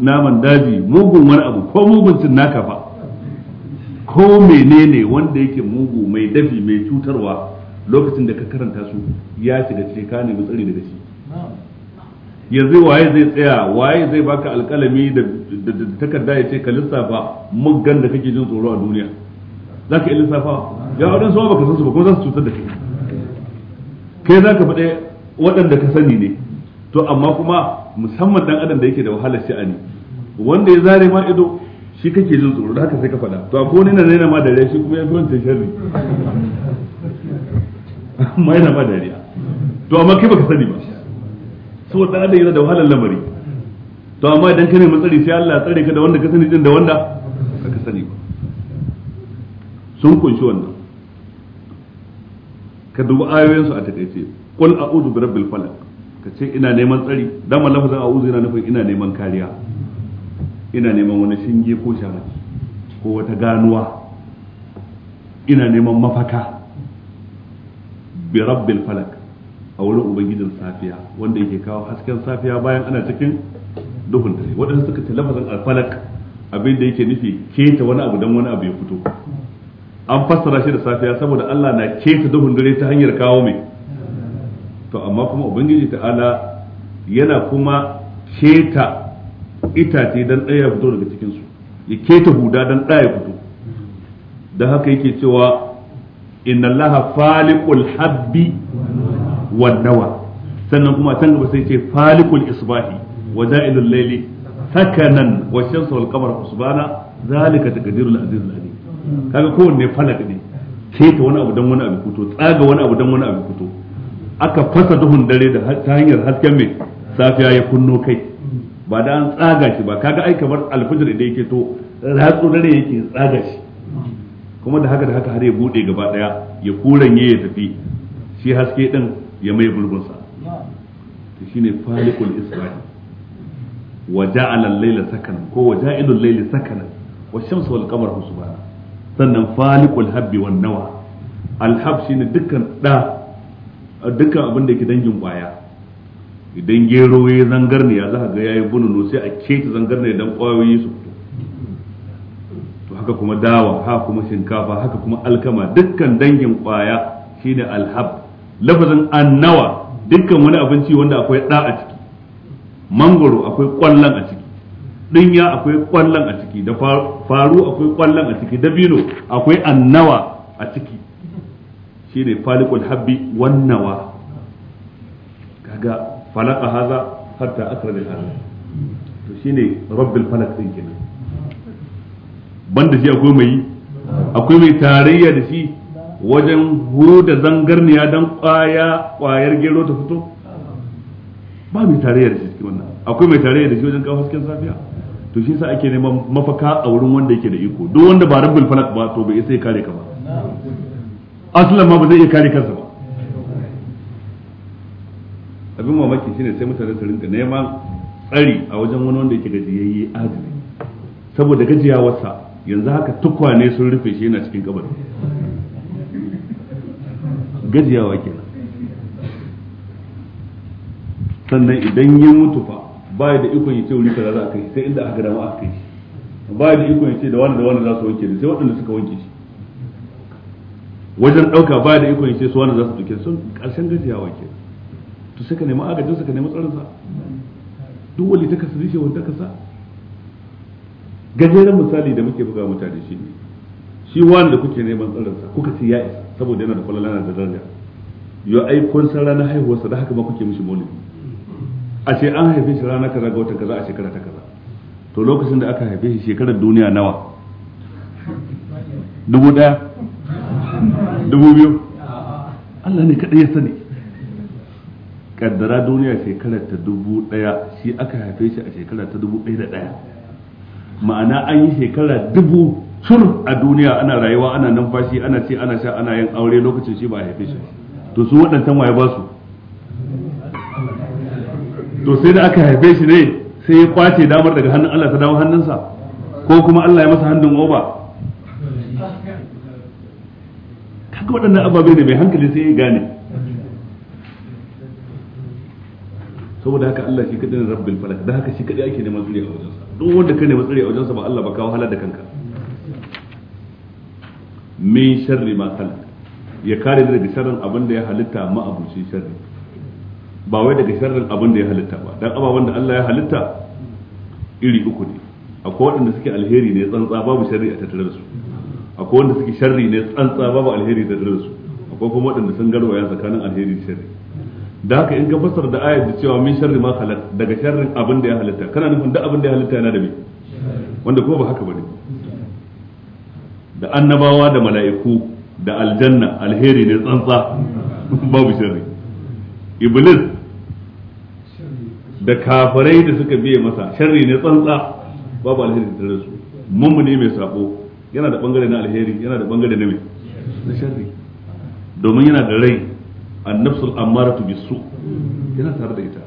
naman daji mugun wani abu ko mugun cin naka ba ko menene wanda yake mugu mai dafi mai cutarwa lokacin da ka karanta su ya shiga ciki ka nemi tsari daga shi yanzu waye zai tsaya waye zai baka alkalami da takarda ya ce ka lissafa muggan da kake jin tsoro a duniya za ka yi lissafa ya wadanda ba baka san su ba ko za su cutar da kai kai za ka faɗa waɗanda ka sani ne to amma kuma musamman dan adam da yake da wahalar sha'ani wanda ya zare ma ido shi kake jin tsoro da haka sai ka faɗa to a ko nina na raina ma dariya shi kuma ya fi wancan sharri amma yana ma dariya to amma kai baka sani ba so da adam yana da wahalar lamari to amma idan kane matsari sai Allah ya tsare ka da wanda ka sani din da wanda ka sani ba sun kunshi wannan ka dubi su a takaice qul a'udhu bi rabbil falaq ka ce ina neman tsari dan ma lafazin a'udhu yana nufin ina neman kariya ina neman wani shinge ko sharaki ko wata ganuwa ina neman mafaka bi rabbil falaq a wurin ubangijin safiya wanda yake kawo hasken safiya bayan ana cikin duhun dare waɗanda suka ce lafazin alfalak abin da yake nufi keta wani abu don wani abu ya fito an fassara shi da safiya saboda Allah na keta duhun dare ta hanyar kawo mai to amma kuma ubangiji ta'ala yana kuma keta itace dan ɗaya ya fito daga cikin su ya keta huda dan ɗaya ya fito da haka yake cewa inna allaha faliqul habbi wan nawa sannan kuma can gaba sai ce falikul isbahi wa da'ilul layli sakanan wa shamsu wal qamar husbana zalika taqdirul aziz al alim kaga kowanne falak ne sai wani abu dan wani abu fito tsaga wani abu dan wani abu fito aka fasa duhun dare da ta hanyar hasken mai safiya ya kunno kai ba da an tsaga shi ba kaga ai kamar alfajir da yake to ratsu dare yake tsaga shi kuma da haka da haka har ya bude gaba daya ya kuranye ya tafi shi haske din ya mai gurbinsa to shine falikul isra'i wa ja'ala al-layla sakanan ko wa ja'ilul layli sakanan wa shamsu wal qamar husbana sannan falikul habbi wan nawa al-hab shine dukkan da dukkan abin da ke dangin kwaya idan gero ya zangarniya za ka ga yayi bununu sai a keta zangarniya dan kwayoyi su fito to haka kuma dawa haka kuma shinkafa haka kuma alkama dukkan dangin kwaya shine alhab lafazin annawa dukkan wani abinci wanda akwai ɗa a ciki mangoro akwai ƙwallon a ciki ɗinya akwai ƙwallon a ciki da faru akwai ƙwallon a ciki dabino akwai annawa a ciki shi ne falikul habbi wannawa kaga falaka haza hatta da haza to shi ne rabbil falak ɗin kenan banda shi akwai mai akwai mai tarayya da shi wajen huda zangarniya don kwaya kwayar gero ta fito ba mai tarayyar da shi wannan akwai mai tarayyar da shi wajen kawo hasken safiya to shi sa ake neman mafaka a wurin wanda yake da iko duk wanda ba rabbul falak ba to bai isa ya kare ka ba aslan ma ba zai iya kare kansa ba abin mamaki shine sai mutane su rinka neman tsari a wajen wani wanda yake gajiyayye azumi saboda gajiyawarsa yanzu haka tukwane sun rufe shi yana cikin kabari gajiyawa kenan sannan idan ya mutu fa ba da ikon ya ce wuri kaza za a kai sai inda aka dama aka kai ba da ikon ya ce da wani da wani za su wanke sai waɗanda suka wanke shi wajen ɗauka ba da ikon ya ce su wani za su ɗauke sun ƙarshen gajiyawa ke to suka nemi agajin suka nemi tsarinsa duk wani ta kasa zishe ta kasa gajeren misali da muke buga mutane shi ne shi wani da kuke neman tsarinsa kuka ce ya isa saboda yana da kwallon da daraja yo ai kun san ranar haihuwarsa da haka ma kuke mishi molin a ce an haife shi rana kaza ga watan kaza a shekara ta kaza to lokacin da aka haife shi shekarar duniya nawa dubu daya dubu biyu Allah ne kaɗai ya sani kaddara duniya shekarar ta dubu daya shi aka haife shi a shekara ta dubu daya da daya ma'ana an yi shekara dubu sur a duniya ana rayuwa ana numfashi ana ce ana sha ana yin aure lokacin shi ba a haife shi to su waɗancan waye ba su to sai da aka haife shi ne sai ya kwace damar daga hannun Allah ta dawo hannunsa ko kuma Allah ya masa hannun oba kaga waɗannan ababe ne mai hankali sai ya gane saboda haka Allah shi kadai ne rabbil falak da haka shi kadai ake neman tsari a wajensa duk wanda ka neman tsari a wajensa ba Allah ba ka wahala da kanka min sharri ma khalaq ya kare ni daga sharrin abin da ya halitta ma abuci sharri ba wai daga sharrin abin da ya halitta ba dan ababen da Allah ya halitta iri uku ne akwai waɗanda suke alheri ne tsantsa babu sharri a tattare da su akwai wanda suke sharri ne tsantsa babu alheri da tattare da su akwai kuma waɗanda sun ya tsakanin alheri da sharri da haka in ka fasar da ayat da cewa min sharri ma khalaq daga sharrin abin da ya halitta kana nufin duk abin da ya halitta yana da me wanda kuma ba haka bane da annabawa da mala'iku da aljanna alheri ne tsantsa babu shari. iblis da kafirai da suka biye masa shari ne tsantsa babu alheri da su ne mai sako yana da bangare na alheri yana da bangare na mai na sharri domin yana da rai annafsul ammaratu bisu yana tare da ita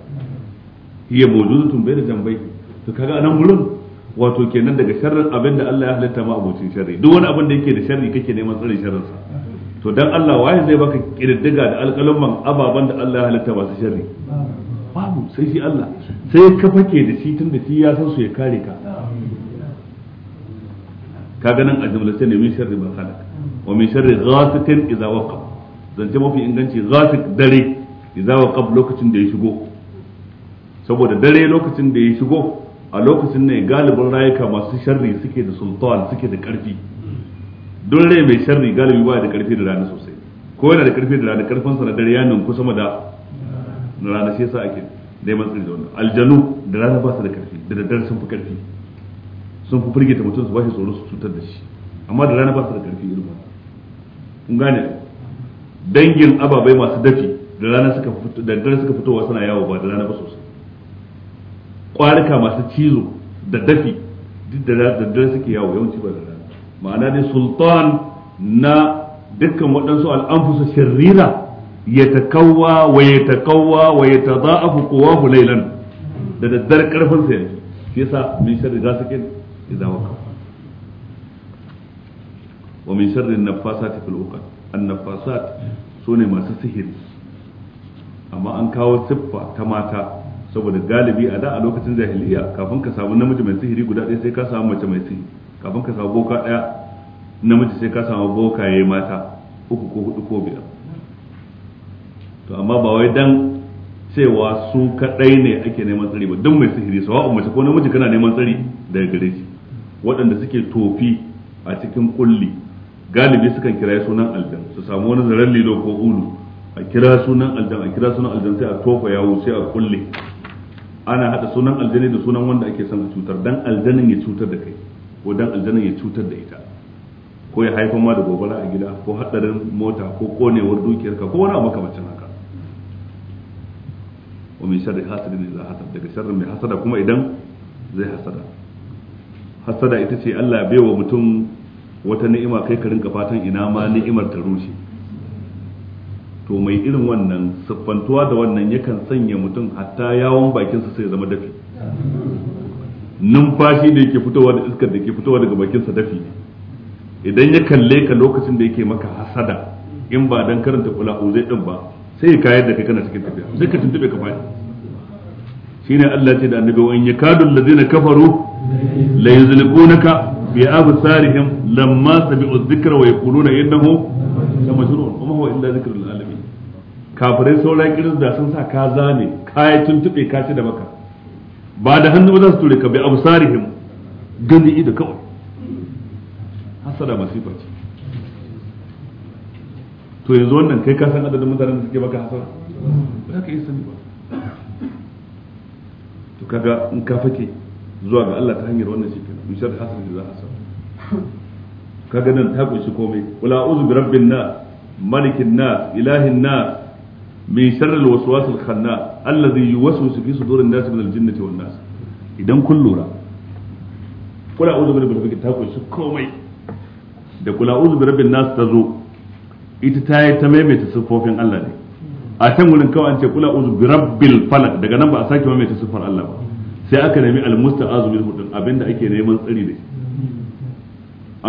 hiya mawjudatun bayna jambai to kaga anan gurin wato kenan daga sharrin abin da Allah ya halitta ma abocin sharri duk wani abin da yake da sharri kake neman tsare sharrin sa to dan Allah waye zai baka kididdiga da alƙalamman ababen da Allah ya halitta masu sharri babu sai shi Allah sai ka fake da shi tun da shi ya san su ya kare ka ka ganin a sai ne min sharri ba kana wa min sharri ghasiqin idza waqab zance mafi inganci ghasiq dare idza waqab lokacin da ya shigo saboda dare lokacin da ya shigo a lokacin ne galibin rayuka masu sharri suke da sultan suke da karfi don rai mai sharri galibi ba da karfi da rana sosai ko yana da karfi da rana karfin sa na dare ya ninku sama da rana shi yasa ake dai tsari da wannan aljanu da rana ba su da karfi da daddare sun fi karfi sun fi firgita mutum su ba shi tsoro su cutar da shi amma da rana ba su da karfi irin ba kun gane dangin ababai masu dafi da rana suka fito da daddare suka fitowa suna yawo ba da rana ba sosai kwarika masu cizo da dafi duk da daddare suke yawo yawanci ba da rana ma'ana dai sultan na dukkan waɗansu al'amfusa sharrira ya takawwa wa ya takawwa wa ya ta za tada'afu quwwahu laylan da daddare karfin sa yake shi yasa min sharri gasikin idan kafa. wa min sharri an-naffasati fil uqad an-naffasat sune masu sihiri amma an kawo siffa ta mata saboda galibi a da a lokacin jahiliya kafin ka samu namiji mai sihiri guda ɗaya sai ka samu mace mai sihiri kafin ka samu boka ɗaya namiji sai ka samu boka yayi mata uku ko hudu ko biyar to amma ba wai dan cewa su kadai ne ake neman tsari ba duk mai sihiri sawa mace ko namiji kana neman tsari daga gare shi waɗanda suke tofi a cikin kulli galibi sukan kira sunan aljan su samu wani zaren lilo ko ulu a kira sunan aljan a kira sunan aljan sai a tofa yawo sai a kulle ana hada sunan aljani da sunan wanda ake son a cutar dan aljanin ya cutar da kai ko dan aljanin ya cutar da ita ko ya haifar ma da gobara a gida ko hadarin mota ko konewar dukiyarka ko wani abu makamancin haka wa min sharri hasadin idza hasad daga sharrin mai hasada kuma idan zai hasada hasada ita ce Allah bai wa mutum wata ni'ima kai ka rinka fatan ina ma ni'imar ta rushe to mai irin wannan siffantuwa da wannan yakan sanya mutum hatta yawon bakinsa sai zama dafi numfashi da yake fitowa da iskar da ke fitowa daga bakinsa dafi idan ya kalle ka lokacin da yake maka hasada in ba dan karanta kula zai din ba sai ya kayar da kai kana cikin tafiya sai ka tuntube ka fadi shine Allah ce da annabi wa in yakadu allazina kafaru la yuzliqunaka bi absarihim lamma sami'u dhikra wa yaquluna innahu la majnun wa ma huwa illa dhikrul alamin kafirai saura kirin da sun sa ka zane kayan yi tuntube ka ci da maka ba da hannu za su ture ka bai absarihim gani ido kawai hasada masifa ce to yanzu wannan kai ka san adadin mutanen da suke baka hasara ba za ka yi sani ba to kaga in ka fake zuwa ga Allah ta hanyar wannan shi ke in shar hasada da za hasada kaga nan ta kunshi komai wala uzu bi rabbin nas malikin nas ilahin nas min sharril waswasil khanna allazi yuwaswisu fi sudurin nas min aljinnati wan nas idan kun lura kula uzu bi rabbika ta kunshi komai da kula uzu bi rabbin nas ta zo ita ta yi ta maimaita siffofin Allah ne a can wurin kawai an ce kula uzu bi rabbil falaq daga nan ba a sake maimaita siffar Allah ba sai aka nemi almusta'azu min hudun abinda ake neman tsari da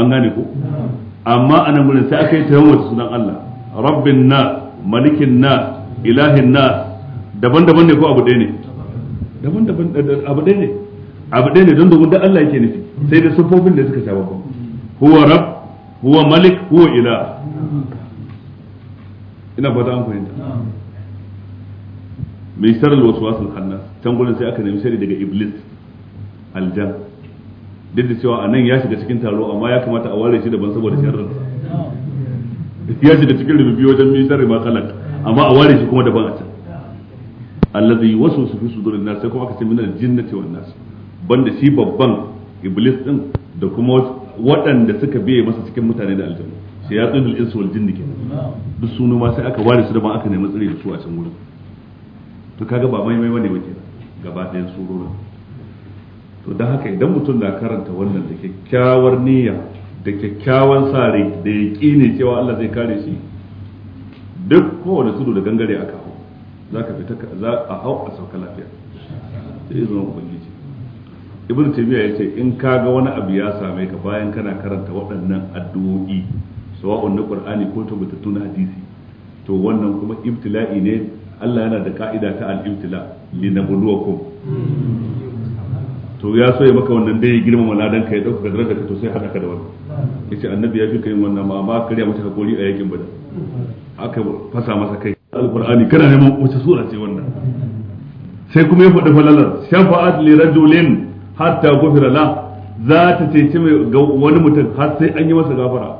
an gane ko amma anan wurin sai aka yi ta yawan sunan Allah rabbin na malikin na. ilahin na daban-daban ne ko abu ɗaya ne daban-daban eh, abu ɗaya ne abu ɗaya ne don domin da Allah yake nufi sai da sufofin da suka sha babban huwa rab huwa malik huwa ila ina fata an fahimta mai sharar wasu wasu hannu can gudun sai aka nemi shari daga iblis aljan duk da cewa a nan ya shiga cikin taro amma ya kamata a ware shi daban saboda shi ya shiga cikin rubi wajen mai shari ma kalanta amma a ware shi kuma daban a can allazi yuwaswisu fi sudurin nas sai kuma aka ce min al-jinnati wan nas banda shi babban iblis din da kuma waɗanda suka biye masa cikin mutane da aljanna sai ya tsundul insu wal jinni kenan duk sunu ma sai aka ware su daban aka nemi tsire da su a can wurin to kaga ba mai mai wane ba kenan gaba ɗayan surorin to don haka idan mutum na karanta wannan da kyakkyawar niyya da kyakkyawan sare da ya ne cewa Allah zai kare shi duk kowane tudu da gangare aka hau za ka fita za a hau a sauka lafiya sai izinin ubangiji ibn taymiya ya ce in ka ga wani abu ya same ka bayan kana karanta waɗannan addu'o'i sawa'un na qur'ani ko ta tabbatattu na hadisi to wannan kuma ibtila'i ne Allah yana da ka'ida ta al-ibtila li nabluwakum to ya so ya maka wannan dai girma mana dan ka ya dauka gadar da ka to sai hada ka da wannan yace annabi ya fi kai wannan ma ma kariya mata hakuri a yakin badar aka fasa masa kai alkur'ani kana neman wace sura ce wannan sai kuma ya faɗi falalar shafa'at li rajulin hatta ghufira la za ta ceci mai ga wani mutum har sai an yi masa gafara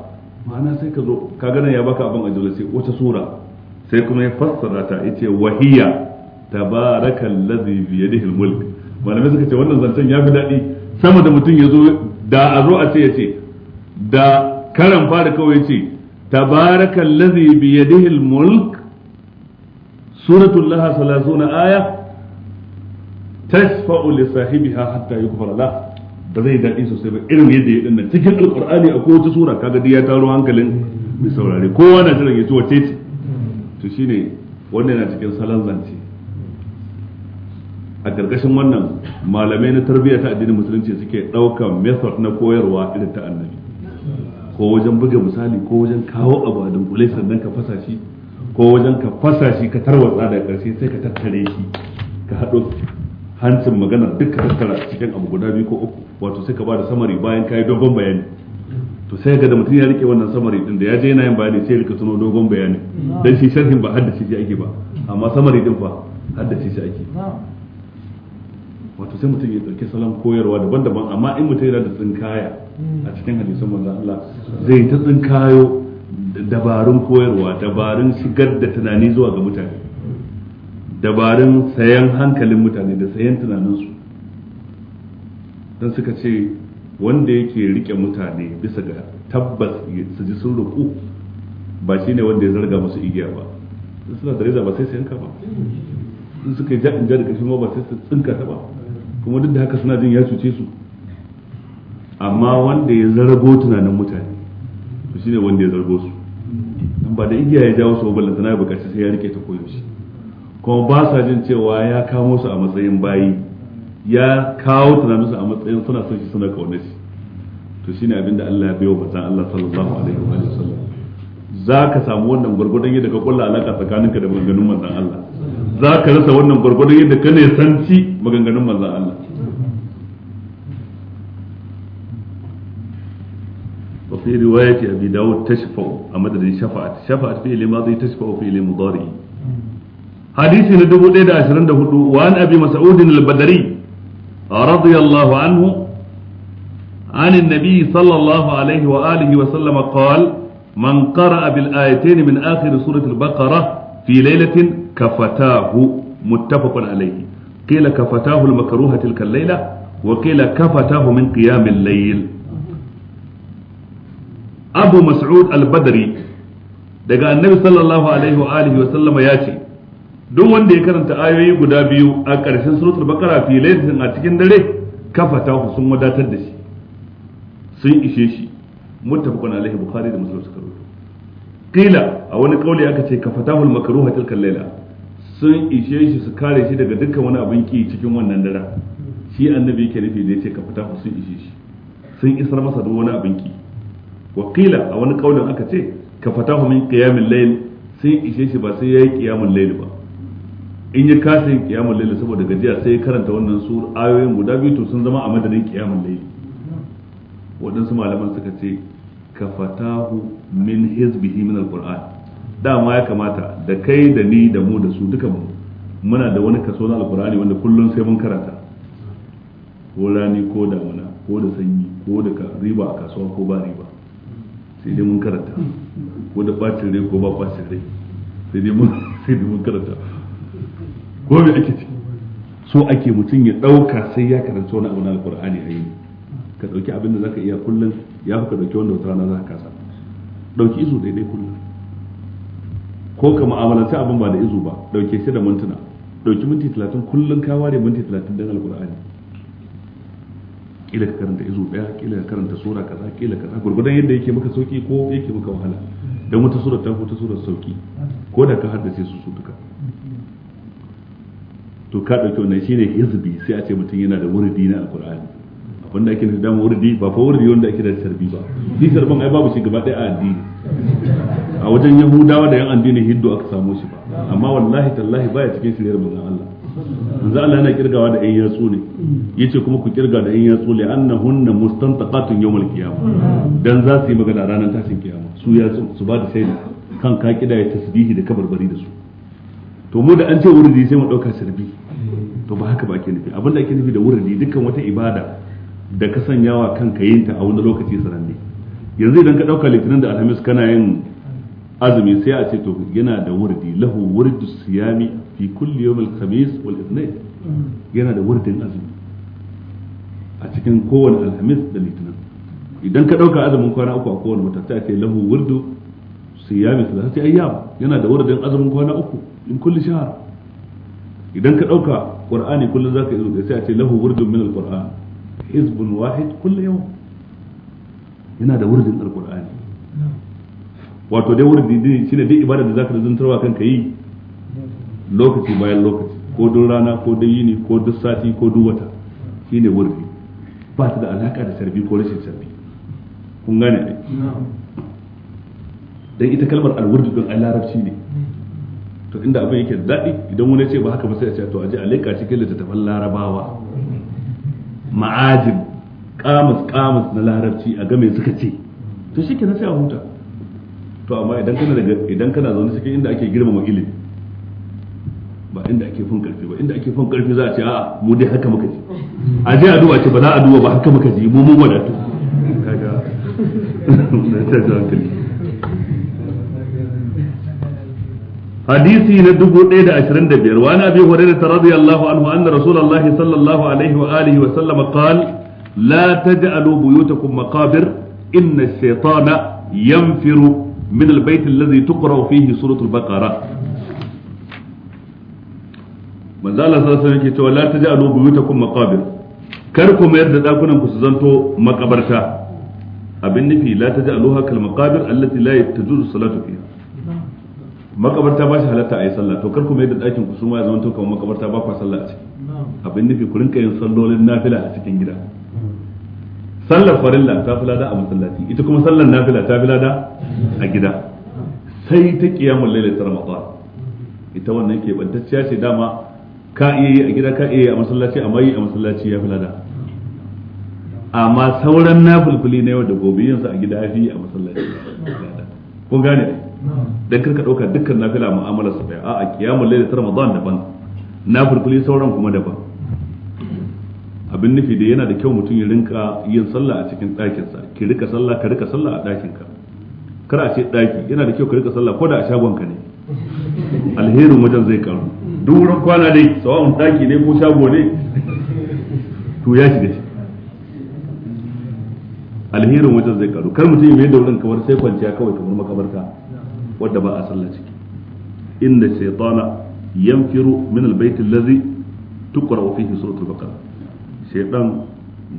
ma'ana sai ka zo ka gana ya baka abin ajiyar sai wace sura sai kuma ya fassara ta yace wahiya tabarakal ladhi bi yadihi almulk malamai suka ce wannan zancen ya fi daɗi sama da mutum ya zo da a zo a ce ya ce da karan fara kawai ce تبارك الذي بيده الملك سورة لها ثلاثون آية تشفع لصاحبها حتى يغفر له da zai daɗi sosai ba irin yadda ya dinnan cikin Alƙur'ani a kowace sura kaga dai ya taro hankalin mai saurare kowa na jiran ya ci wace ce to shine wannan yana cikin salon zance a ƙarƙashin wannan malamai na tarbiyya ta addinin musulunci suke ɗaukan method na koyarwa irin ta annabi ko wajen buga misali ko wajen kawo abu a dunkule sannan ka fasa shi ko wajen ka fasa shi ka tarwatsa da ƙarshe sai ka tattare shi ka haɗo hancin magana duk ka tattara cikin abu guda biyu ko uku wato sai ka ba da samari bayan ka yi dogon bayani to sai ga da mutum ya rike wannan samari din da ya je yana yin bayani sai rika tuno dogon bayani dan shi sharhin ba haddace shi ake ba amma samari din fa haddace shi ake wato sai mutum ya dauki salon koyarwa daban-daban amma in mutum yana da tsinkaya a cikin hadisan manzon Allah zai ta tsinkayo dabarun koyarwa dabarun shigar da tunani zuwa ga mutane dabarun sayan hankalin mutane da sayan tunaninsu don suka ce wanda yake rike mutane bisa ga tabbas su ji sun ruku ba shi ne wanda ya zarga masu igiya ba suna da ba sai su yanka ba in suka yi ja jaɗin da ba sai su tsinka ta ba kuma duk da haka suna jin ya cuce su amma wanda ya zargo tunanin mutane to shine wanda ya zargo su dan ba da igiya ya jawo su ballan tana bukaci sai ya rike ta koyaushe kuma ba sa jin cewa ya kamo su a matsayin bayi ya kawo tunanin su a matsayin suna son shi suna kauna shi to shine abinda Allah ya bayo dan Allah sallallahu alaihi wa sallam za ka samu wannan gurgurdan yadda ka kulla alaka tsakaninka da maganganun manzon Allah za ka rasa wannan gurgurdan yadda ka ne sanci maganganun manzon Allah في رواية أبي داود تشفع أمد شفعت شفعت في الماضي تشفع في المضارع حديث ندبو ديدا عشرين دهدو وأن أبي مسعود البدري رضي الله عنه عن النبي صلى الله عليه وآله وسلم قال من قرأ بالآيتين من آخر سورة البقرة في ليلة كفتاه متفق عليه قيل كفتاه المكروهة تلك الليلة وقيل كفتاه من قيام الليل abu mas'ud al-badri daga annabi sallallahu alaihi wa alihi wa sallama ya ce duk wanda ya karanta ayoyi guda biyu a ƙarshen suratul baqara fi laylatin a cikin dare kafata sun wadatar da shi sun ishe shi muttafaqun alaihi bukhari da muslim suka rubuta qila a wani kauli aka ce kafatahul makruha tilkal layla sun ishe shi su kare shi daga dukkan wani abin ki cikin wannan dare shi annabi yake nufi da ce kafata sun ishe shi sun isar masa duk wani abin ki wakila a wani kaulin aka ce ka fatahu min qiyamil layl sai ishe shi ba sai yayi qiyamul layl ba in ya kasa yin qiyamul layl saboda gajiya sai ya karanta wannan sur ayoyin guda biyu to sun zama a madadin qiyamul layl waɗansu malaman suka ce ka fatahu min hizbihi min alquran dama ya kamata da kai da ni da mu da su duka mu muna da wani kaso na alqurani wanda kullum sai mun karanta ko rani ko damuna ko da sanyi ko da riba a kasuwa ko ba riba sai dai mun karanta ko da bacin rai ko ba bacin rai sai dai mun sai dai mun karanta ko me ake ci so ake mutum ya dauka sai ya karanta wani abu na alqur'ani a yau ka dauki abin da zaka iya kullun ya fi ka dauki wanda wata rana zaka kasa dauki izu daidai kullun ko ka mu'amalanci abin ba da izu ba dauke shi da mintuna dauki minti 30 kullun ka ware minti 30 dan alqur'ani kila ka karanta izu daya kila ka karanta sura kaza kila kaza gurgudan yadda yake maka sauki ko yake maka wahala dan wata sura ta ko ta sura sauki ko da ka haddace su su duka to ka dauke wannan shine hizbi sai a ce mutum yana da wurdi na alqur'ani abinda ake da dama wurdi ba fa wurdi wanda ake da sarbi ba shi sarban ai babu shi gaba daya a addini a wajen yahudawa da yan addinin hindu aka samu shi ba amma wallahi tallahi baya cikin shirye shiryen Allah yanzu Allah yana kirgawa da ayyan yatsu ne yace kuma ku kirga da ayyan yatsu li annahunna mustantaqatun yawmal kiyama dan za su yi magana ranar tashin kiyama su yatsu su ba da shaida kan ka kida ya tasbihi da kabarbari da su to mu da an ce wurdi sai mu dauka sirbi to ba haka ba ake nufi abinda ake nufi da wurdi dukkan wata ibada da ka sanyawa kanka yin ta a wani lokaci sananne yanzu idan ka dauka litinin da alhamis kana yin azumi sai a ce to yana da wurdi lahu wurdi siyami fi kulli yawmil khamis wal ithnain yana da wurdin azumi a cikin kowane alhamis da litinin idan ka dauka azumin kwana uku a kowane wata sai ake lahu wurdu siyami thalathati ayyam yana da wurdin azumin kwana uku in kulli shahr idan ka dauka qur'ani kullun zaka yi sai a lahu wurdun min alquran hizbun wahid kulli yawm yana da wurdin alqur'ani wato dai wurdi shine duk ibada da zaka zantarwa kanka yi lokaci bayan lokaci ko duk rana ko duk yini ko duk sati ko duk wata shine wurfi ba ta da alaka da sarbi ko rashin sarbi kun gane ne dan ita kalmar alwurdu don a larabci ne to inda abin yake daɗi idan wani ce ba haka ba sai a ce to aje a leƙa cikin littattafan larabawa ma'ajin kamus kamus na larabci a game suka ce to shi ke sai a huta to amma idan kana daga idan kana zaune cikin inda ake girmama ilimi ba inda ake fin karfi ba inda ake fin karfi za a ce a'a mu dai haka muka ji a je a duba ce ba za a duba ba haka muka ji mu mun wadatu kaga (laughs) hadisi na 1025 wa ana bi hurairah radiyallahu anhu anna rasulullahi sallallahu alaihi wa alihi wa sallam qala la taj'alu buyutakum maqabir inna ash-shaytana yanfiru min al-bayt alladhi fihi suratul manzo Allah sallallahu alaihi wasallam yake cewa la taj'alu buyutakum maqabir kar ku mayar da dakunan ku su zanto makabarta abin nufi la taj'aluha kal maqabir allati la tajuzu salatu fiha makabarta ba shi halatta a yi sallah to kar ku mayar da dakin ku su ma ya zanto kamar makabarta ba ku sallah a ciki abin nufi ku rinka yin sallolin nafila a cikin gida sallar farilla ta fi lada a masallaci ita kuma sallar nafila ta fi lada a gida sai ta kiyamul lailata ramadan ita wannan ke bantacciya ce dama ka iya yi a gida ka iya yi a masallaci amma yi a masallaci ya fi lada amma sauran fulfuli na yau da gobe yin su a gida fi a masallaci ko gane dan karka dauka dukkan nafila mu'amala su bai a'a kiyamul layl ta ramadan daban fulfuli sauran kuma daban abin nufi da yana da kyau mutum ya rinka yin sallah a cikin ɗakinsa ki rika sallah ka rika sallah a ɗakinka kar a ce ɗaki yana da kyau ka rika sallah ko da a shagonka ne alherin wajen zai karu duk wurin kwana dai tsawon daki ne ko shago ne to ya shiga shi alherin wajen zai karu kar mutum mai da wurin kamar sai kwanciya kawai kamar makabarta wadda ba a sallah ciki inda shaytana yanfiru min lazi tukwara wa fihi suratul baqara shaitan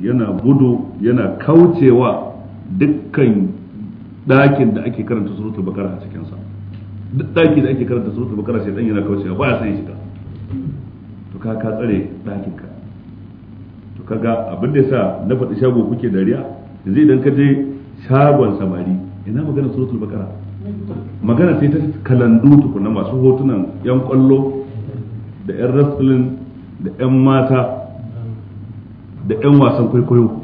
yana gudu yana kaucewa dukkan dakin da ake karanta suratul baqara a cikin sa duk daki da ake karanta suratul baqara shaitan yana kaucewa ba ya san shiga ka ka tsare ɗakinka to kaga abin da yasa na faɗi shago kuke dariya yanzu idan ka je shagon samari ina magana suratul bakara magana sai ta kalandu tukuna masu hotunan yan kwallo da yan wrestling da yan mata da yan wasan kwaikwayo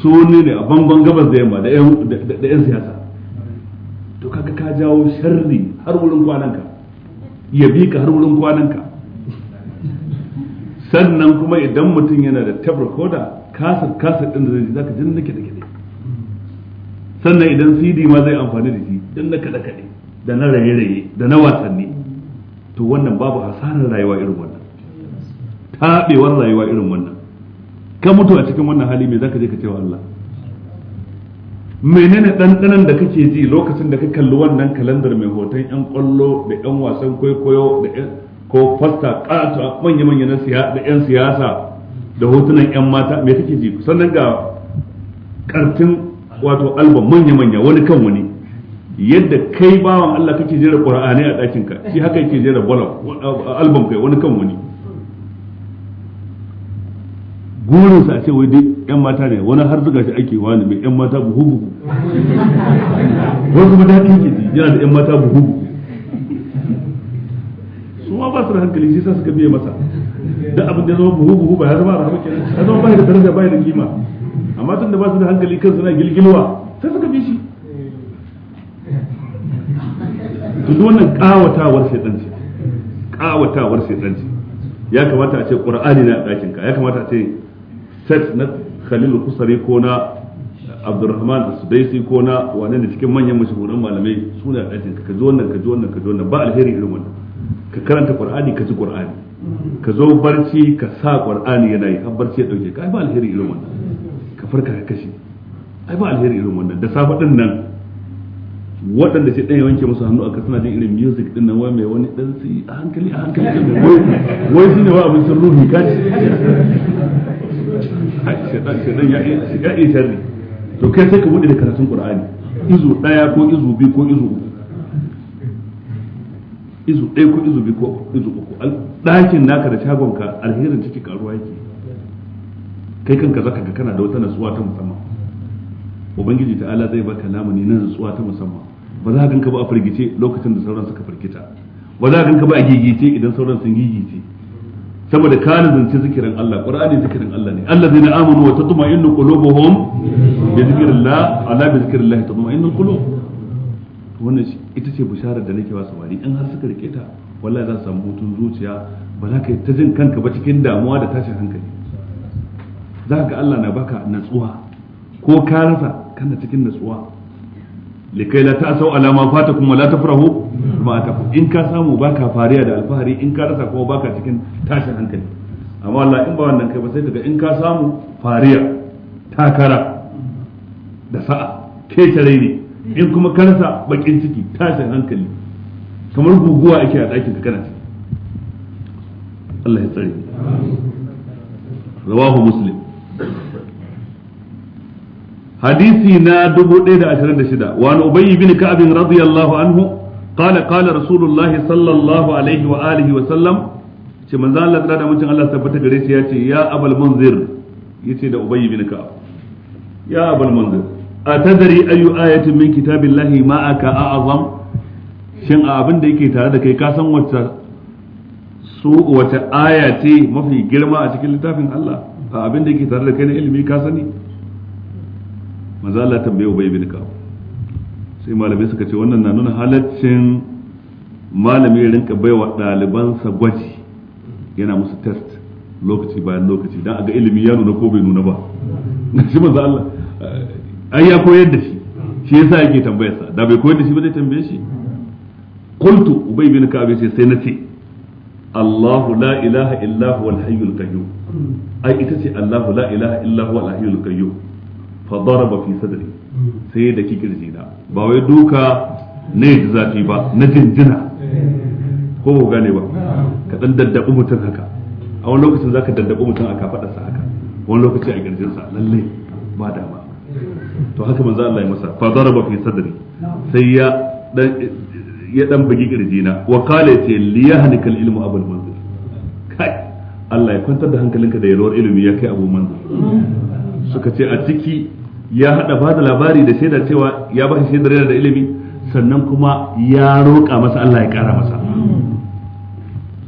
su ne ne a bangon gabas da yamma da yan siyasa to kaga ka jawo sharri har wurin kwananka ya bi ka har wurin kwananka sannan kuma idan mutum yana da tabar koda kasar kasar din da zai ji zaka jin nake da kide sannan idan CD ma zai amfani da shi dan na kada kade da na raye raye da na wasanni to wannan babu hasarar rayuwa irin wannan tabewar rayuwa irin wannan ka mutu a cikin wannan hali me zaka je ka cewa Allah menene ɗanɗanan da kake ji lokacin da ka kalli wannan kalandar mai hoton 'yan ƙwallo da 'yan wasan kwaikwayo da ko fasta a manya-manya na da 'yan siyasa da hotunan 'yan mata mai kake ji sannan ga kartin wato alba manya-manya wani kan wani yadda kai bawan Allah kake jera qur'ani a ɗakin ka shi haka yake jera bolam album kai wani kan wani gurin sa ce wai dai yan mata ne wani har zuga shi ake wani mai yan mata buhu buhu wani kuma da kake ji yana da yan mata buhu buhu ba su da hankali shi sa suka biye masa da abin da ya zama buhu buhu ba ya zama rahama kenan ya zama bai da daraja bai da kima amma tun da ba su da hankali kansu na gilgilwa sai suka bi shi duk wannan kawatawar shaitan kawatawar shaitan ya kamata a ce qur'ani na dakin ka ya kamata a ce set na Khalil Kusari ko na Abdulrahman Sudaisi ko na wane ne cikin manyan mashahuran malamai suna dakin ka ka ji wannan ka ji wannan ka ji wannan ba alheri irin wannan ka karanta qur'ani ka ji qur'ani ka zo barci ka sa qur'ani yana yi har barci ya dauke ka ai ba alheri irin wannan ka farka ka kashe ai ba alheri irin wannan da safa din nan waɗanda sai ɗan ya wanke musu hannu a suna jin irin music din nan wai mai wani ɗan su a hankali a hankali wai shine wa abin sun ruhi ka ce shedan ya ya sharri to kai sai ka bude da karatun qur'ani izu daya ko izu biyu ko izu uku izu ɗaya ko izu biyu ko izu uku ɗakin naka da shagonka alherin cikin karuwa yake kai kanka zaka ga kana da wata nasuwa ta musamman ubangiji ala zai baka lamuni na nasuwa ta musamman ba za ka ganka ba a firgice lokacin da sauran suka firgita ba za ka ganka ba a gigice idan sauran sun gigice saboda kana zance zikirin Allah qur'ani zikirin Allah ne allazina amanu wa tatma'innu qulubuhum bi zikrillah ala bi zikrillah tatma'innu qulub wannan ita ce bisharar da nake ba samari in har suka rike ta wallahi za su samu hutun zuciya ba za ka yi ta jin kanka ba cikin damuwa da tashin hankali za ka Allah na baka natsuwa ko ka rasa kana cikin natsuwa likai la ta ala alama fata kuma la tafrahu ma in ka samu baka fariya da alfahari in ka rasa kuma baka cikin tashin hankali amma Allah in ba wannan kai ba sai daga in ka samu fariya takara da sa'a ke ne in kuma ka rasa bakin ciki tashin hankali kamar guguwa ake a ɗakin ka kana Allah ya tsare rawahu muslim hadisi na 1026 wa an ubayy bin ka'ab radiyallahu anhu qala qala rasulullah sallallahu alaihi wa alihi wa sallam ce manzo Allah tsara da mutun Allah tabbata gare shi yace ya abul munzir yace da ubayy bin ya atadari ayu ayatin min kitabillahi ma aka a'azam shin a abin da yake tare da kai ka san wacce su wace aya ce mafi girma a cikin littafin Allah a abin da yake tare da kai na ilimi ka sani maza Allah tambaye Ubay bin ka sai malamai suka ce wannan na nuna halaccin malami ya rinka baiwa ɗalibansa gwaji yana musu test lokaci bayan lokaci dan a ga ilimi ya nuna ko bai nuna ba shi maza Allah ai ya koyar da shi shi yasa yake tambayar sa da bai koyar da shi ba zai tambaye shi qultu ubay bin ka'ab sai sai nace Allahu la ilaha illa huwa al-hayyul qayyum ai ita ce Allahu la ilaha illa huwa al-hayyul qayyum fa daraba fi sadri sai da kikirji na ba wai duka ne da zafi ba na jinjina ko ba gane ba ka dan daddabu mutum haka a wani lokacin zaka daddabu mutum a sa haka wani lokacin a girjinsa lalle ba dama to haka manzo Allah ya masa fa daraba fi sadri sai ya dan ya dan bugi kirjina wa qala ce li yahnikal ilmu abul manzil kai Allah ya kwantar da hankalinka da yarwar ilimi ya kai abu manzil suka ce a ciki ya hada ba da labari da shaida cewa ya ba shi shaidar yana da ilimi sannan kuma ya roƙa masa Allah ya ƙara masa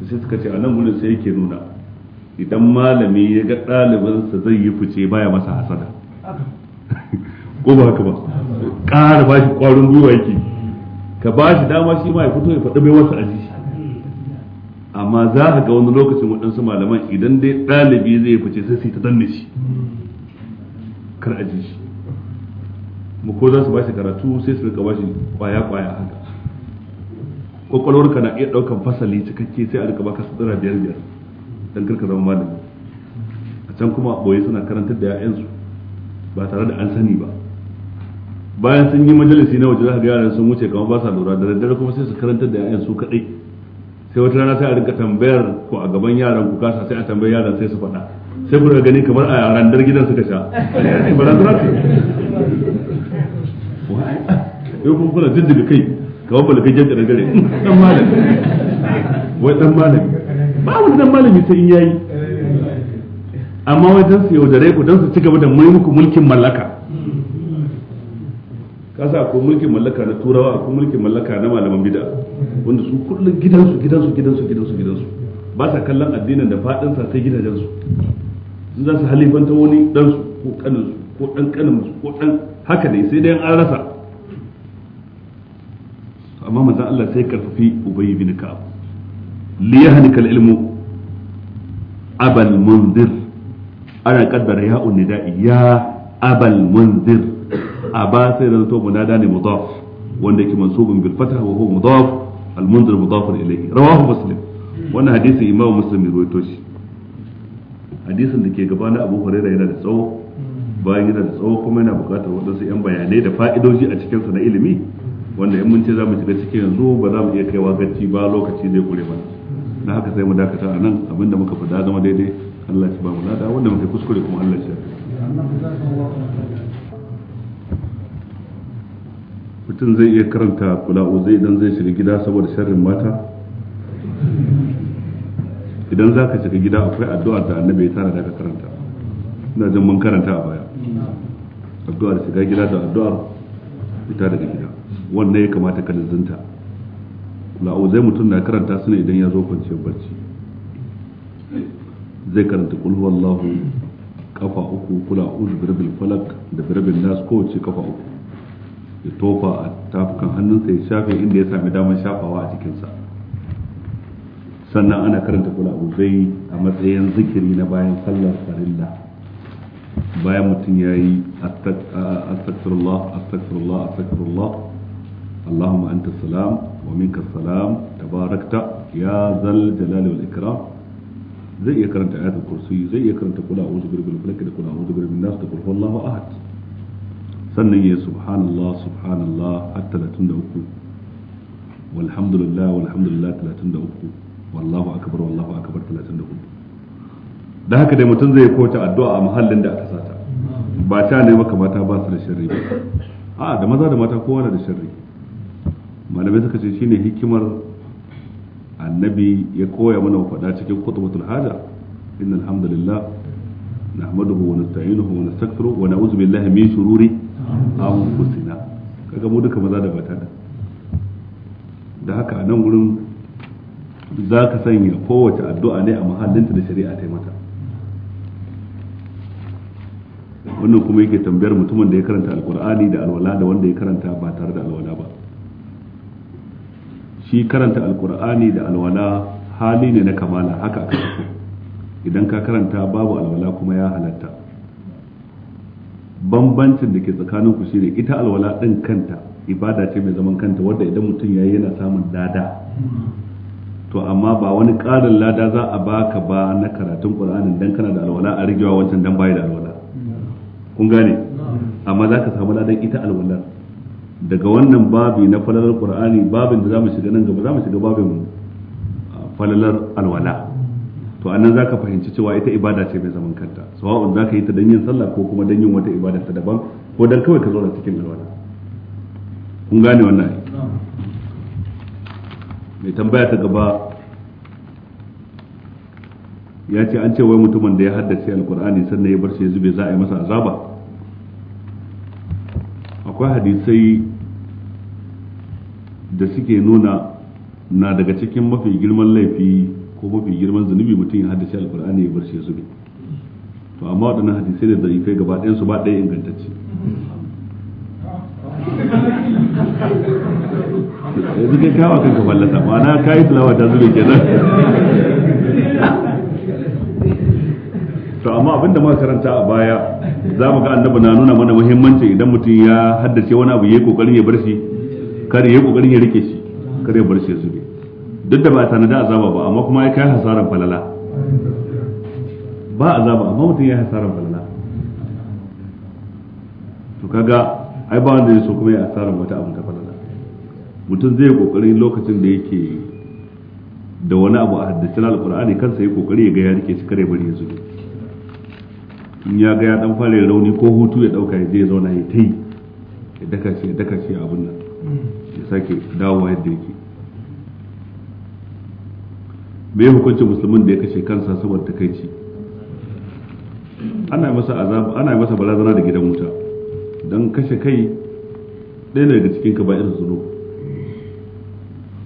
sai suka ce a nan gudun sai yake nuna idan malami ya ga ɗalibinsa zai yi fice baya masa hasada ko ba haka ba ƙara ba shi ƙwarin gwiwa yake ka ba shi dama shi ma ya fito ya faɗi bai wasu aji amma za ka ga wani lokacin waɗansu malaman idan dai ɗalibi zai fice sai su ta danne shi kar aji shi mu ko za su ba shi karatu sai su rika ba shi ƙwaya ƙwaya haka kwakwalwarka na iya ɗaukan fasali cikakke sai a rika baka sutura biyar biyar don karka zama malami a can kuma ɓoye suna karantar da 'ya'yansu ba tare da an sani ba bayan sun yi majalisi na waje za ka ga yaran sun wuce kamar ba sa lura da daddare kuma sai su karantar da yayan su kadai sai wata rana sai a rika tambayar ku a gaban yaran ku kasa sai a tambayi yaran sai su faɗa sai ku gani kamar a yaran dar gidan suka sha barazana ce yau kuma kuna jijjiga kai kamar ba jan da gare dan malami wai dan malami ba wani dan malami sai in yayi amma wai dan su yaudare ku dan su ci gaba da mai muku mulkin mallaka kasa ko mulkin mallaka na turawa ko mulkin mallaka na malaman bid'a wanda su kullum gidansu gidansu gidansu gidansu gidansu ba sa kallon addinin da fadin sa sai gidajensu sun za su halifanta wani dan su ko kanin su ko dan kanin su ko dan haka ne sai dai an rasa amma manzon Allah sai karfafi ubayy bin ka'ab li yahnikal ilmu abal munzir ana kaddara ya'un nida'i ya abal munzir aba sai zato munada ne mudaf wanda yake mansubun bil fatah wa huwa mudaf al mundir mudaf ilayhi rawahu muslim wannan hadisi imamu muslim ya rawaito shi hadisin da ke gabana na abu hurairah yana da tsawo bayan yana da tsawo kuma yana buƙatar waɗansu 'yan bayanai da fa'idoji a sa na ilimi wanda in mun ce za mu shiga cikin yanzu ba za mu iya kaiwa gaci ba lokaci zai kure mana na haka sai mu dakata a nan abinda muka faɗa zama daidai Allah ya ba mu lada wanda muka kuskure kuma Allah ya mutum zai iya karanta kula'u zai idan zai shiga gida saboda sharrin mata idan za ka shiga gida akwai addu'ar da annabi ya tara daga karanta ina jan mun karanta a baya addu'ar da shiga gida da addu'ar fita daga gida wannan ya kamata ka lizinta kula'u zai mutum na karanta su ne idan ya zo kwanciyar barci zai karanta kulhu wallahu kafa uku kula uz birabil falak da birabil nas kowace kafa uku ya tofa a tafukan hannunsa ya shafe inda ya sami damar shafawa a cikinsa. sannan ana karanta kula zai a matsayin zikiri na bayan sallar farilla bayan mutum ya yi astagfirullah astagfirullah astagfirullah allahumma anta salam wa minka salam tabarakta ya zal jalali wal ikram zai iya karanta ayatul kursi zai iya karanta kula a'udhu birabbil falaq da kula da ahad sannan ya subhanallah subhanallah har talatin da uku walhamdulillah walhamdulillah talatin da uku wallahu akabar wallahu akabar talatin da hudu. Da haka dai mutum zai kowace addu'a a mahallin da aka sata ba ta ne maka mata ba su da sharri ba a da maza da mata kowa na da sharri malamai suka ce shine hikimar annabi ya koya mana faɗa cikin khutbatul haja innal hamdalillah nahmaduhu wa nasta'inuhu wa nastaghfiruh wa na'udzu billahi min shururi samun kusina kaga mu duka maza da mata da haka a nan wurin za ka sanya kowace addu'a ne a mahallinta da shari'a ta mata wannan kuma yake tambayar mutumin da ya karanta alkur'ani da alwala da wanda ya karanta ba tare da alwala ba shi karanta alkur'ani da alwala hali ne na kamala haka aka idan ka karanta babu alwala kuma ya halatta bambancin da ke tsakanin ku shine ita alwala din kanta ibada ce mai zaman kanta wadda idan mutum yayi yana samun lada to amma ba wani ƙarin lada za a baka ba na karatun Qur'anin dan kana da alwala a rigewa wancan dan bai da alwala kun gane amma za ka samu ladan ita alwala daga wannan babi na falalar Qur'ani babin da zamu mu shiga nan gaba za mu shiga babin ah, falalar alwala to anan zaka fahimci cewa ita ibada ce mai zaman kanta sawa'u zaka yi ta dan yin sallah ko kuma dan yin wata ibada ta daban ko dan kawai ka zauna cikin alwala kun gane wannan mai tambaya ta gaba ya ce an ce wai mutumin da ya haddace alkur'ani sannan ya bar shi zube za a yi masa azaba akwai hadisai da suke nuna na daga cikin mafi girman laifi ko mafi girman zunubi mutum ya haddace alkur'ani ya bar shi zube to amma waɗannan hadisai ne da ifai gaba ɗayan su ba ɗaya ingantacce yanzu kai kawo kanka fallasa na kayi tilawa ta zube kenan to amma abin da muka karanta a baya za mu ga annabi na nuna mana muhimmanci idan mutum ya haddace wani abu ya yi kokarin ya bar shi kar yi kokarin ya rike shi kar ya bar shi zube duk da ba da azaba ba amma kuma ya kai hasaran falala ba azaba amma mutum ya hasaran falala to kaga ai ba wanda ya so kuma ya hasaran wata abu ta falala mutum zai kokari lokacin da yake da wani abu a haddace alkur'ani kansa ya kokari ya ga ya rike shi kare bari ya zube in ya ga ya dan fara rauni ko hutu ya dauka ya je ya zauna ya tai ya daka shi ya daka shi abun nan ya sake dawo yadda yake me ya hukuncin musulmin da ya kashe kansa saboda takaici ana masa azab ana masa barazana da gidan wuta dan kashe kai ɗaya ne daga cikin kaba'ir zuru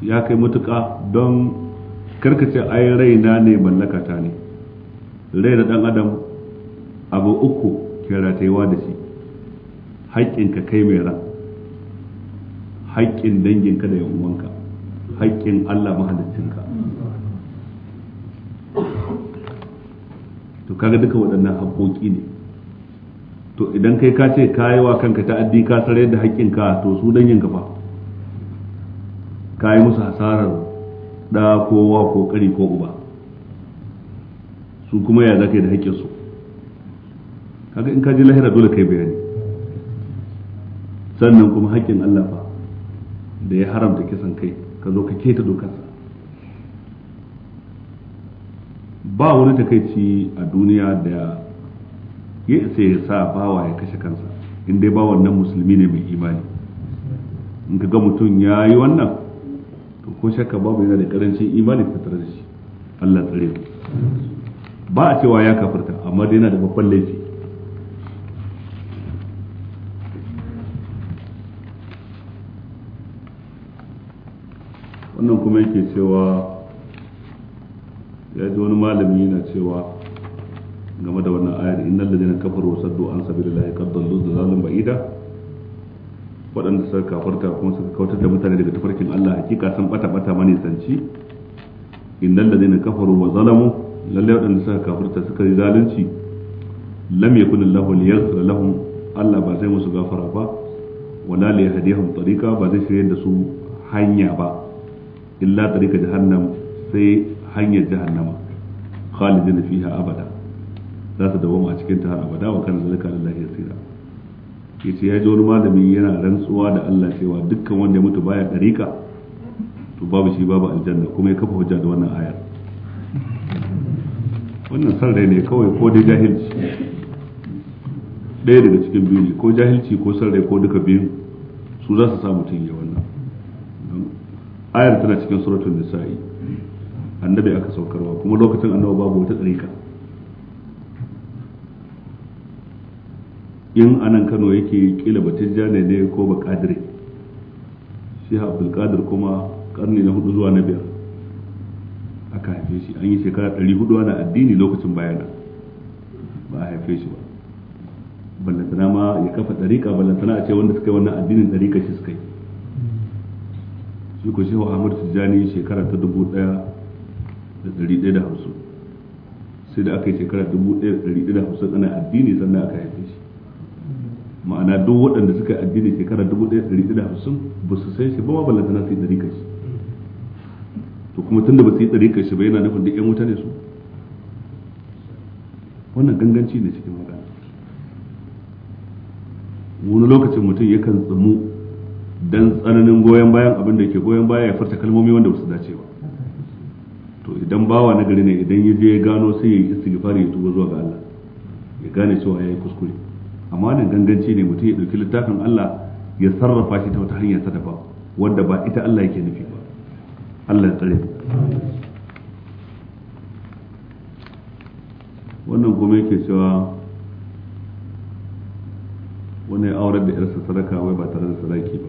ya kai matuka don karkace ai raina ne mallakata ne rai da dan adam abu uku ke ratayewa da shi haƙƙinka kai mai ran haƙƙin danginka da yan uwanka haƙƙin Allah mahalicinka kaga duka waɗannan haƙoƙi ne to idan kai ka ce ka yi wa kanka ta'addi ka tsare da haƙƙinka to su yin fa ka yi musu hasarar da kowa ko ƙari ko uba su kuma ya zaka ka yi da haƙƙinsu kaga in ka ji lahira dole kai bayani sannan kuma haƙƙin Allah fa da ya haramta kisan kai ka zo ka keta dokarsa ba wani takaici a duniya da ya isa ya sa bawa ya kashe kansa in dai ba wannan musulmi ne mai imani in ka ga mutum ya yi wannan to ko shakka babu yana da karancin imani ta da shi Allah tsare ba a cewa ya kafirta amma dai yana da babban laifi wannan kuma yake cewa ya ji wani malami yana cewa game da wannan ayar innal ladina kafaru wa saddu an sabilillahi qad dallu dalalun ba'ida waɗanda suka kafarta kuma suka kautar da mutane daga tafarkin Allah hakika sun bata bata mani sanci innal ladina kafaru wa zalamu lalle waɗanda suka kafarta suka yi zalunci lam yakun Allahu liyaghfir lahum Allah ba zai musu gafara ba wala li yahdihum tariqa ba zai shirye da su hanya ba illa tariqa jahannam sai hanyar jahannama khalidin fiha abada za su dawo a cikin ta har abada wa kan zalika lillahi yasira yace ya ji wani malami yana rantsuwa da Allah cewa dukkan wanda ya mutu baya dariƙa to babu shi babu aljanna kuma ya kafa hujja da wannan ayar wannan san rai ne kawai ko dai jahilci ɗaya daga cikin biyu ko jahilci ko san rai ko duka biyu su za su sa mutum ya wannan ayar tana cikin suratul nisa'i annabi aka saukarwa kuma lokacin annabi babu wata tsarika in anan kano yake kila batijja ne ne ko ba kadire shi abdul kadir kuma karni na hudu zuwa na biyar aka haife shi an yi shekara ɗari hudu ana addini lokacin bayana ba a haife shi ba ballantana ma ya kafa ɗariƙa ballantana a ce wanda suka yi wannan addinin ɗariƙa shi suka yi shi ko shehu ahmad tijjani shekara ta dubu ɗaya da da hamsin sai da aka yi shekara dubu da da hamsin ana addini sannan aka haife shi ma'ana duk waɗanda suka addini shekara dubu da da hamsin ba su san shi ba ma ballantana su yi ɗari kashi to kuma tunda ba su yi ɗari kashi ba yana nufin duk 'yan wuta ne su wannan ganganci ne cikin magana wani lokacin mutum yakan tsamu don tsananin goyon bayan abin da ke goyon baya ya farta kalmomi wanda ba su dace ba to idan bawa na gari ne idan ya je ya gano sai ya yi istighfar ya tuba zuwa ga Allah ya gane cewa yayi kuskure amma wannan ganganci ne mutum ya dauki littafin Allah ya sarrafa shi ta wata hanya ta daban wanda ba ita Allah yake nufi ba Allah ya tsare wannan kuma yake cewa wani ya aurar da yarsa sadaka wai ba tare da sadaki ba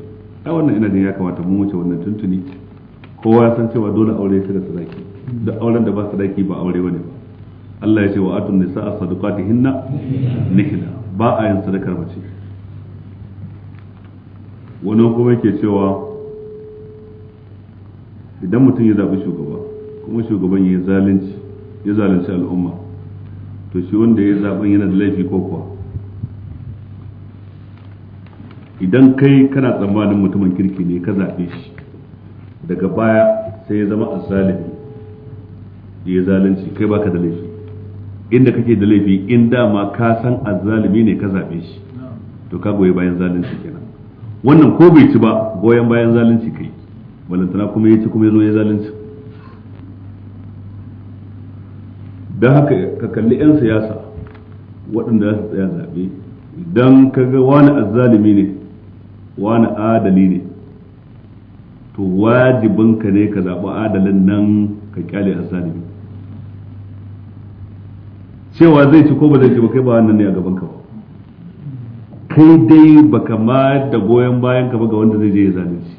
ai wannan ina jin ya kamata mu wuce wannan tuntuni kowa ya san cewa dole aure sai da sadaki da auren da ba sadaki ba aure wani ba Allah ya ce wa atun nisa'a hinna nihla ba a yin sadakar mace wani kuma yake cewa idan mutum ya zaɓi shugaba kuma shugaban ya zalunci ya zalunci al'umma to shi wanda ya zaɓen yana da laifi ko kuwa idan kai kana tsammanin mutumin kirki ne ka zaɓe shi daga baya sai ya zama azzalimi ya zalunci kai baka da laifi inda kake da laifi in dama ka san azzalimi ne ka zabe shi to ka goyi bayan zalunci kenan wannan ko bai ci ba goyen bayan zalunci kai balantana kuma ya ci kuma ya zo ya zalunci don haka ka kalli 'yan siyasa waɗanda za su tsaya zaɓe idan ka ga wani azzalimi ne wani adali ne to wajibinka ne ka zaɓi adalin nan ka kyale azzalimi cewa zai ci ko ba zai ci ba kai ba wannan ne a gaban ka ba kai dai ba ma da goyon bayan ka ba ga wanda zai je ya zalunci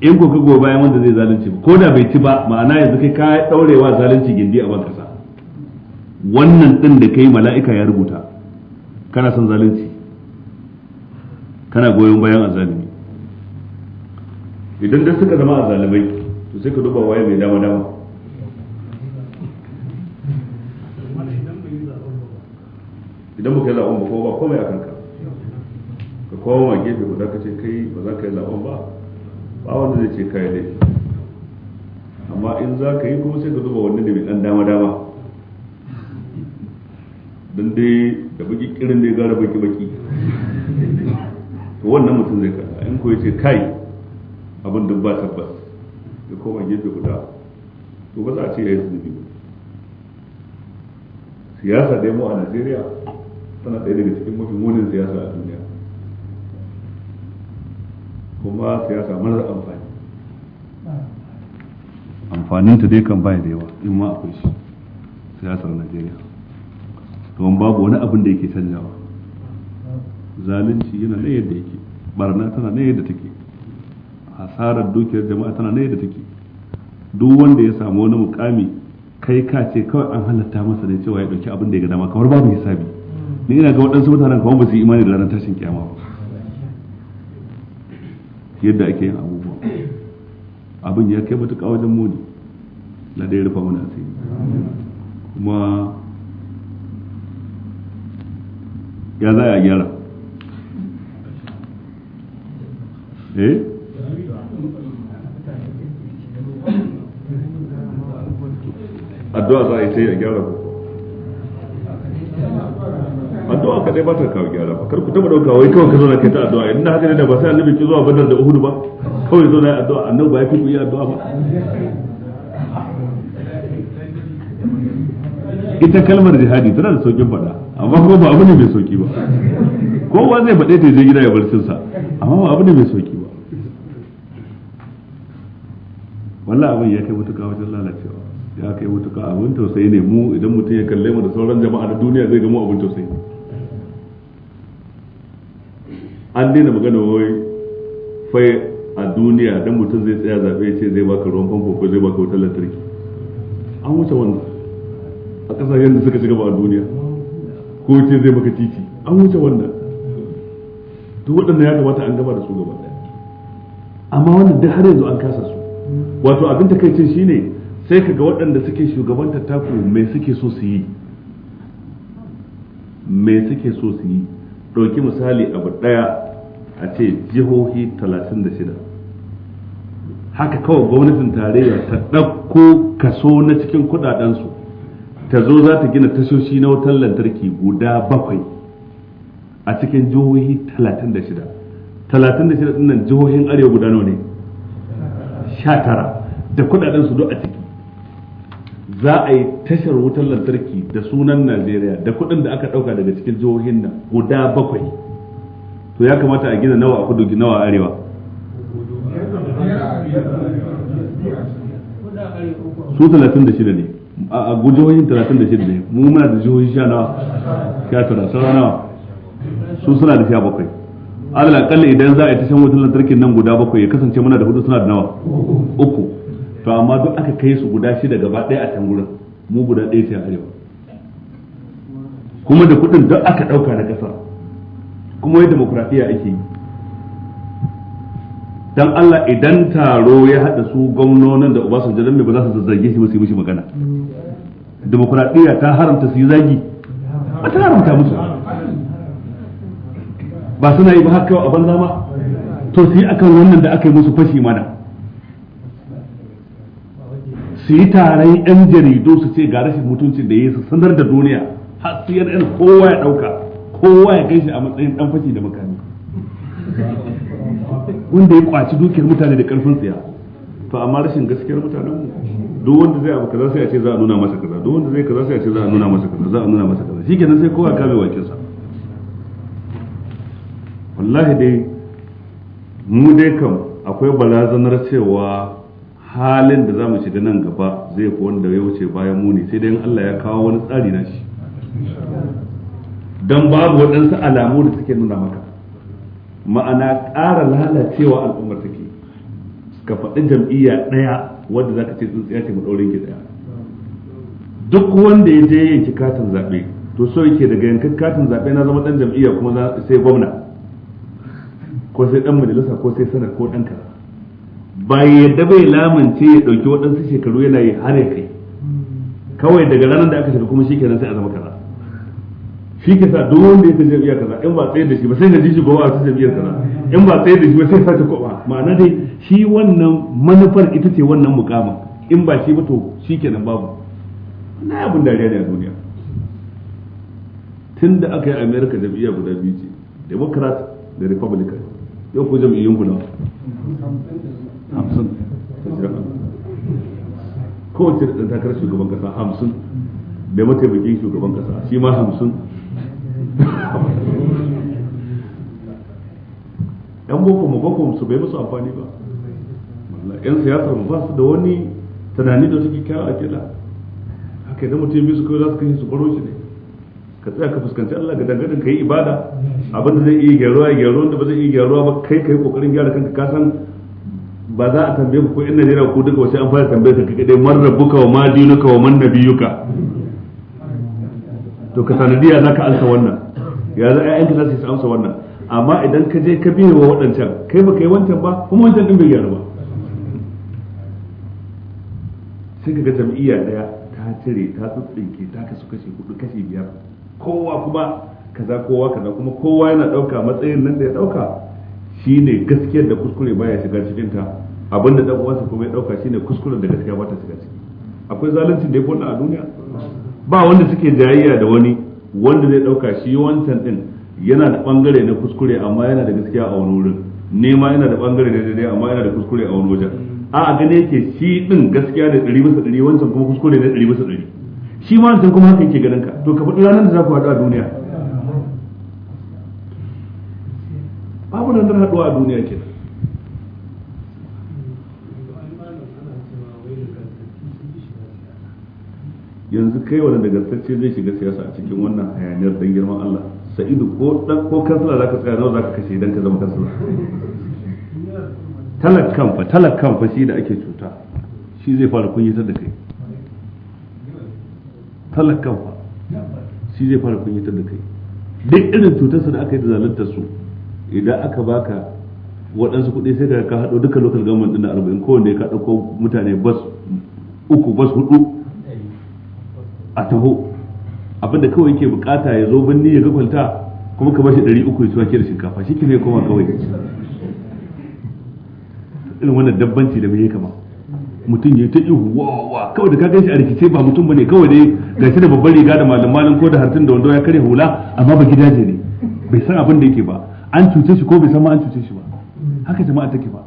in ko ka goyi bayan wanda zai zalunci ba ko da bai ci ba ma'ana yanzu kai ka daurewa zalunci gindi a sa wannan din da kai mala'ika ya rubuta kana son zalunci kana goyon bayan azalimi idan da suka zama azalimai to sai ka duba waye mai dama dama idan baka yi la'on ba ko ba komai a kanka ka koma gefe guda ka ce kai ba za ka yi la'on ba ba wanda zai ce kai laifi amma in za ka yi kuma sai ka zuba wannan da mai dan dama dama don dai da baki kirin da ya gara baki baki to wannan mutum zai kalla in ko ce kai abin da ba tabbas da koma gefe guda to ba za a ce ya yi zunubi siyasa dai mu a najeriya tana ɗaya daga cikin mafi munin siyasa a duniya kuma siyasa marar amfani amfanin ta dai kan baya da yawa in ma akwai shi siyasar najeriya to babu wani abin da yake canjawa zalunci yana na yadda yake barna tana na yadda take hasarar dukiyar jama'a tana na yadda take duk wanda ya samu wani mukami kai ka ce kawai an halatta masa ne cewa ya dauki abin da ya gada dama kamar babu hisabi da ina ga waɗansu mutanen kawai ba su yi imani da ranar tashin kiyama ba yadda ake yin abubuwa abin ya kai matuƙa wajen muni na da ya rufa mana sai kuma ya za a gyara eh addu'a za a yi sai a gyara ku addu'a ka ba ta kawo gyara ba kar ku taba dauka wai kawai ka zo na kai ta addu'a idan haka ne da ba sai annabi ki zuwa badar da uhud ba kawai zo na yi addu'a annabi ba ya fi ku yi addu'a ba ita kalmar jihadi tana da saukin faɗa amma kuma ba abu ne mai sauki ba kowa zai faɗe ta je gida ya bar cinsa amma ba abu ne mai sauki ba wallah abin ya kai mutuka wajen lalacewa ya kai mutuka abin tausayi ne mu idan mutum ya kalle mu da sauran jama'a da duniya zai ga mu abin tausayi an daina magana wai fai a duniya dan mutum zai tsaya zaɓe ce zai baka ruwan famfo ko zai baka wutar lantarki an wuce wannan a ƙasashen da suka shiga ba a duniya ko ce zai maka titi an wuce wannan duk waɗannan ya kamata an gaba da su gaba amma wannan duk har yanzu an kasa su wato abin ta kai shine sai ka ga waɗanda suke shugabantar taku mai suke so su yi mai suke so su yi ɗauki misali abu ɗaya a ce jihohi 36 haka kawai gwamnatin tarayya ta ɗauko kaso na cikin kudadensu ta zo za ta gina tashoshi na wutar lantarki guda bakwai a cikin jihohi 36 36 nan jihohin arewa guda nawa ne tara da kudadensu duk a ciki za a yi tashar wutar lantarki da sunan najeriya da kudin da aka ɗauka daga cikin jihohin nan guda bakwai to ya kamata a gina nawa a kudu nawa a arewa su 36 ne a jihohin 36 ne mu muna da jihohin sha nawa sha tara sauran nawa su suna da sha bakwai alal akalla idan za a yi tashar wutar lantarkin nan guda bakwai ya kasance muna da hudu suna da nawa uku to amma duk aka kai su guda shida gaba ɗaya a can gurin mu guda ɗaya ce a arewa kuma da kuɗin duk aka ɗauka na ƙasa kuma yadda demokuraɗiyya ake yi dan Allah idan taro ya haɗa su gwamnonin da Obasanjo dan me ba za su zazzage shi ba su yi mishi magana demokuraɗiyya ta haramta su yi zagi ba ta haramta musu ba suna yi ba har kawai a banza ma to su yi akan wannan da aka yi musu fashi mana su yi taron yan jaridu su ce ga rashin mutuncin da ya su sanar da duniya har su yan kowa ya dauka kowa ya kai shi a matsayin dan fashi da makami wanda ya kwaci dukiyar mutane da karfin tsiya to amma rashin gaskiyar mutanen mu duk wanda zai abu kaza sai a ce za a nuna masa kaza duk wanda zai kaza sai a ce za a nuna masa kaza za a nuna masa kaza shikenan sai kowa kame wakin sa wallahi dai mu dai kam akwai balazanar cewa halin da za mu shiga nan gaba zai fi wanda ya wuce bayan muni sai dai Allah ya kawo wani tsari na shi don babu waɗansu alamu da suke nuna maka ma'ana ƙara lalacewa al'ummar take ka faɗi jam'iyya ɗaya wadda za ka ce tsuntsiya ce maɗaurin ki ɗaya duk wanda ya je yanki katin zaɓe to so yake daga yankin katin zaɓe na zama ɗan jam'iyya kuma sai gwamna ko sai ɗan majalisa ko sai sanar ko ɗan kaza ba yadda bai lamance ya dauki waɗansu shekaru yana yi har ya kai kawai daga ranar da aka shiga kuma shi kenan sai a zama kaza shi ke sa duk wanda ya tafi iya kaza in ba tsaye da shi ba sai na ji shi gowa a tafi iya kaza in ba tsaye da shi ba sai sace koba ma'ana dai shi wannan manufar ita ce wannan mukamin in ba shi ba to shi kenan babu na abin dariya ne a duniya tun da aka yi america jam'iyya guda biyu ce democrat da republican yau ko jam'iyyun guda hamsin kowace da takarar shugaban kasa hamsin da mataimakin shugaban kasa shi ma hamsin yan boko mu boko su bai musu amfani ba yan siyasar ba su da wani tunani da suke kyara a kila haka idan mutum biyu kawai za su kashe su baro shi ne ka tsaya ka fuskanci Allah ga dangane ka yi ibada abin da zai iya gyaruwa ya gyaruwa da ba zai iya gyaruwa ba kai ka yi kokarin gyara kanka ka san ba za a tambaye ku ko in Najeriya ko duka wace an fara tambaye ka kake dai man rabbuka wa madinuka wa man nabiyuka to ka sanadi za ka ansa wannan ya za ƴaƴanka za su amsa wannan amma idan ka je ka biye wa waɗancan kai ba kai wancan ba kuma wancan din bai gyaru ba sai ka ga jam'iyya daya ta cire ta tsintsinke ta kasu kashi hudu kashi biyar kowa kuma kaza kowa kaza kuma kowa yana ɗauka matsayin nan da ya ɗauka Shi ne gaskiyar da kuskure baya shiga cikin ta abinda dan uwansa kuma ya dauka shine kuskuren da gaskiya ba ta shiga ciki akwai zalunci da ya yake a duniya ba wanda suke jayayya da wani wanda zai dauka shi wancan din yana da bangare na kuskure amma yana da gaskiya a wani wurin ne ma yana da bangare na daidai amma yana da kuskure a wani wajen a a gane yake shi din gaskiya da ɗari bisa ɗari wancan kuma kuskure na ɗari bisa ɗari shi ma wancan kuma haka yake ganin ka to ka faɗi ranar da za ku haɗu a duniya babu nan haduwa a duniya ke nan yanzu kai wani daga nagartacce zai shiga siyasa a cikin wannan hayaniyar dan girman Allah sa'idu ko dan ko kansala zaka tsaya nawa zaka kashe idan ka zama kansala Talak fa shi da ake cuta shi zai fara kunyatar da kai talakkan shi zai fara kunyatar da kai duk irin cutarsa da aka yi da zalunta su idan aka baka waɗansu kuɗi sai ka haɗo duka local government ɗin arba'in kowanne ka ɗauko mutane bas uku bas hudu a taho abinda kawai yake bukata ya zo birni ya gafalta kwalta kuma ka bashi ɗari uku ya ci wake da shinkafa shi ke ne koma kawai irin wannan dabbanci da mai kama mutum ya ta ihu wa kawai da ka gan shi a rikice ba mutum bane kawai dai gashi da babbar riga da malam malam ko da hartun da wando ya kare hula amma ba gidaje ne bai san abin da yake ba an cuce shi ko bai san ma an cuce shi ba haka jama'a take ba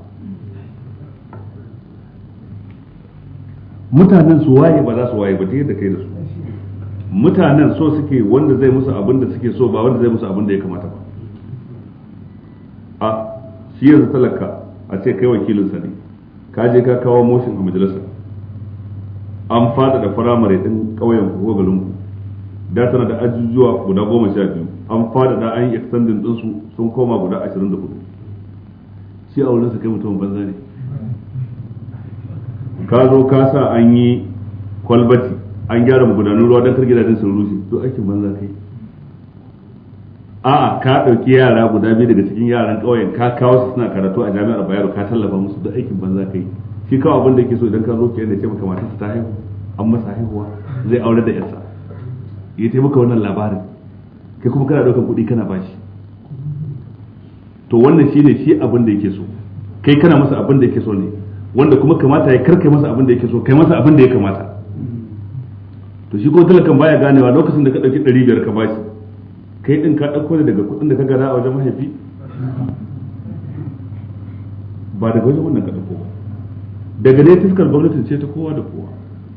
mutanen su waye ba za su waye ba ta yadda kai da su mutanen so suke wanda zai musu abin da suke so ba wanda zai musu abin da ya kamata ba a shi yanzu talaka a ce kai wakilinsa ne ka je ka kawo motion a majalisar an fada da firamare din kauyen ko garin da tana da ajujuwa guda goma sha biyu an fada da an yi extending din su sun koma guda 24 shi a wurinsa kai mutumin banza ne ka zo ka sa an yi kwalbati an gyara magudanin ruwa don kar gidajen sun rushe to aikin banza kai a'a ka ɗauki yara guda biyu daga cikin yaran ƙauyen ka kawo su suna karatu a jami'ar bayero ka tallafa musu da aikin banza kai shi kawo abin da yake so idan ka zo kiyar da ce maka matarsa ta haihu an masa haihuwa zai aure da yarsa ya taimaka wannan labarin kai kuma kana ɗaukar kuɗi kana bashi to wannan shine shi abin da yake so kai kana masa abin da yake so ne wanda kuma kamata ya karkai masa abin da yake so kai masa abin da ya kamata to shi ko talakan baya ganewa lokacin da ka dauki 500 ka bashi kai din ka dauko daga kudin da ka gada a wajen mahaifi ba daga wajen wannan ka dauko ba daga ne fiskar gwamnatin ce ta kowa da kowa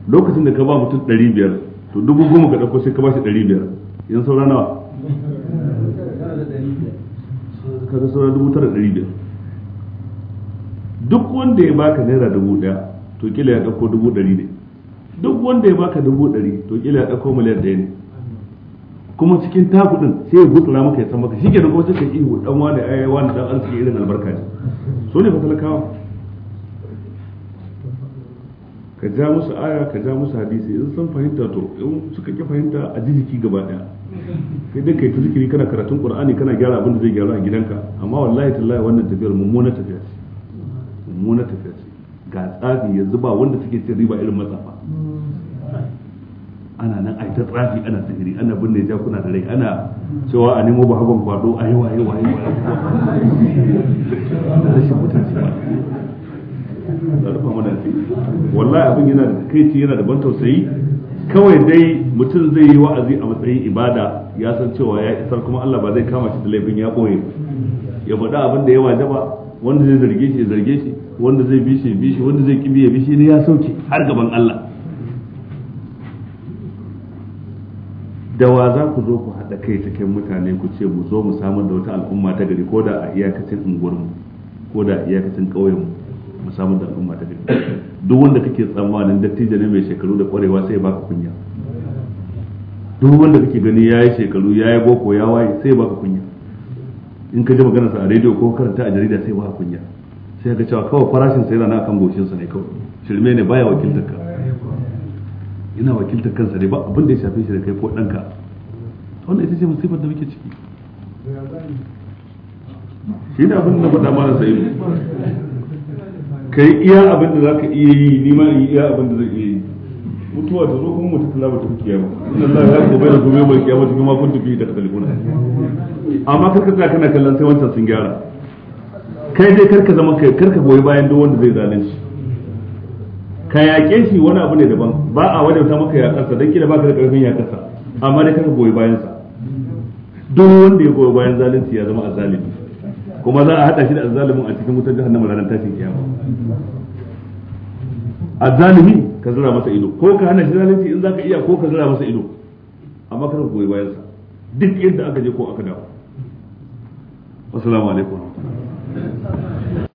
lokacin da ka ba mutum 500 to dubu goma ka dauko sai ka bashi 500 yan saura nawa kaga sauran dubu tara ɗari biyar duk wanda ya baka naira dubu ɗaya to kila ya ɗauko dubu ɗari ne duk wanda ya baka dubu ɗari to kila ya ɗauko miliyan ɗaya ne kuma cikin takudin sai ya gutsura maka ya san maka shi ke da kuma sai ka ihu dan wani ai wani dan arziki irin albarka ne so ne fatalakawa ka ja musu aya ka ja musu hadisi in sun fahimta to in suka ki fahimta a jijiki gaba daya kai dai kai ta zikiri kana karatun qur'ani kana gyara abin da zai gyara a gidanka amma wallahi tallahi wannan tafiyar mummuna tafiya ce mummuna tafiya ce ga tsafi yanzu ba wanda suke cin riba irin matsafa ana nan ai ta tsafi ana sihiri ana binne jakuna da rai ana cewa a nemo hagon kwado a yawa yawa yawa (laughs) rashin mutunci ba da rufa mana wallahi abin yana da kai yana da ban tausayi kawai dai mutum zai yi wa'azi a matsayin ibada ya san cewa ya isar kuma Allah ba zai kama shi da laifin ya boye ya faɗa abin da ya wajaba wanda zai zarge shi ya zarge shi wanda zai bi shi bi shi wanda zai kibi ya bi shi ne ya sauke har gaban Allah da wa za ku zo ku haɗa kai cikin mutane ku ce mu zo mu samar da wata al'umma ta gari ko da a iyakacin unguwarmu ko da a iyakacin ƙauyenmu mu samar da al'umma ta gari duk wanda kake tsammanin dattijo ne mai shekaru da ƙwarewa sai ya baka kunya duk wanda kake gani ya yi shekaru yi boko ya waye sai baka kunya in ka ji maganar sa a rediyo ko karanta a jarida sai baka kunya sai ka cewa kawai farashin sa yana na kan goshin sa ne kawai shirme ne baya wakiltar ka yana wakiltar kansa ne ba abin da ya shafe shi da kai ko danka wannan ita ce musibar da muke ciki shi ne abin da faɗa mara sai ka yi iya abin da za ka iya yi ni ma iya abin da zai iya mutuwa da ruhun mutu tana mutu kiyama inna Allah ya gobe da gobe mai kiyama cikin makon kun tafi da kalbuna amma karka ka kana kallon sai wancan sun gyara kai dai karka zama kai karka goyi bayan duk wanda zai zalunci ka yaƙe shi wani abu ne daban ba a ta maka yaƙarsa don kila baka da ƙarfin yaƙarsa amma dai karka goyi bayan sa duk wanda ya goyi bayan zalunci ya zama azzalimi kuma za a hada shi da azzalimin a cikin wutar jahannama ranar tashin kiyama azzalimi ka zura masa ido ko ka hana shi zalunci in zaka iya ko ka zura masa ido amma kar goyi bayan sa duk yadda aka je ko aka dawo assalamu alaikum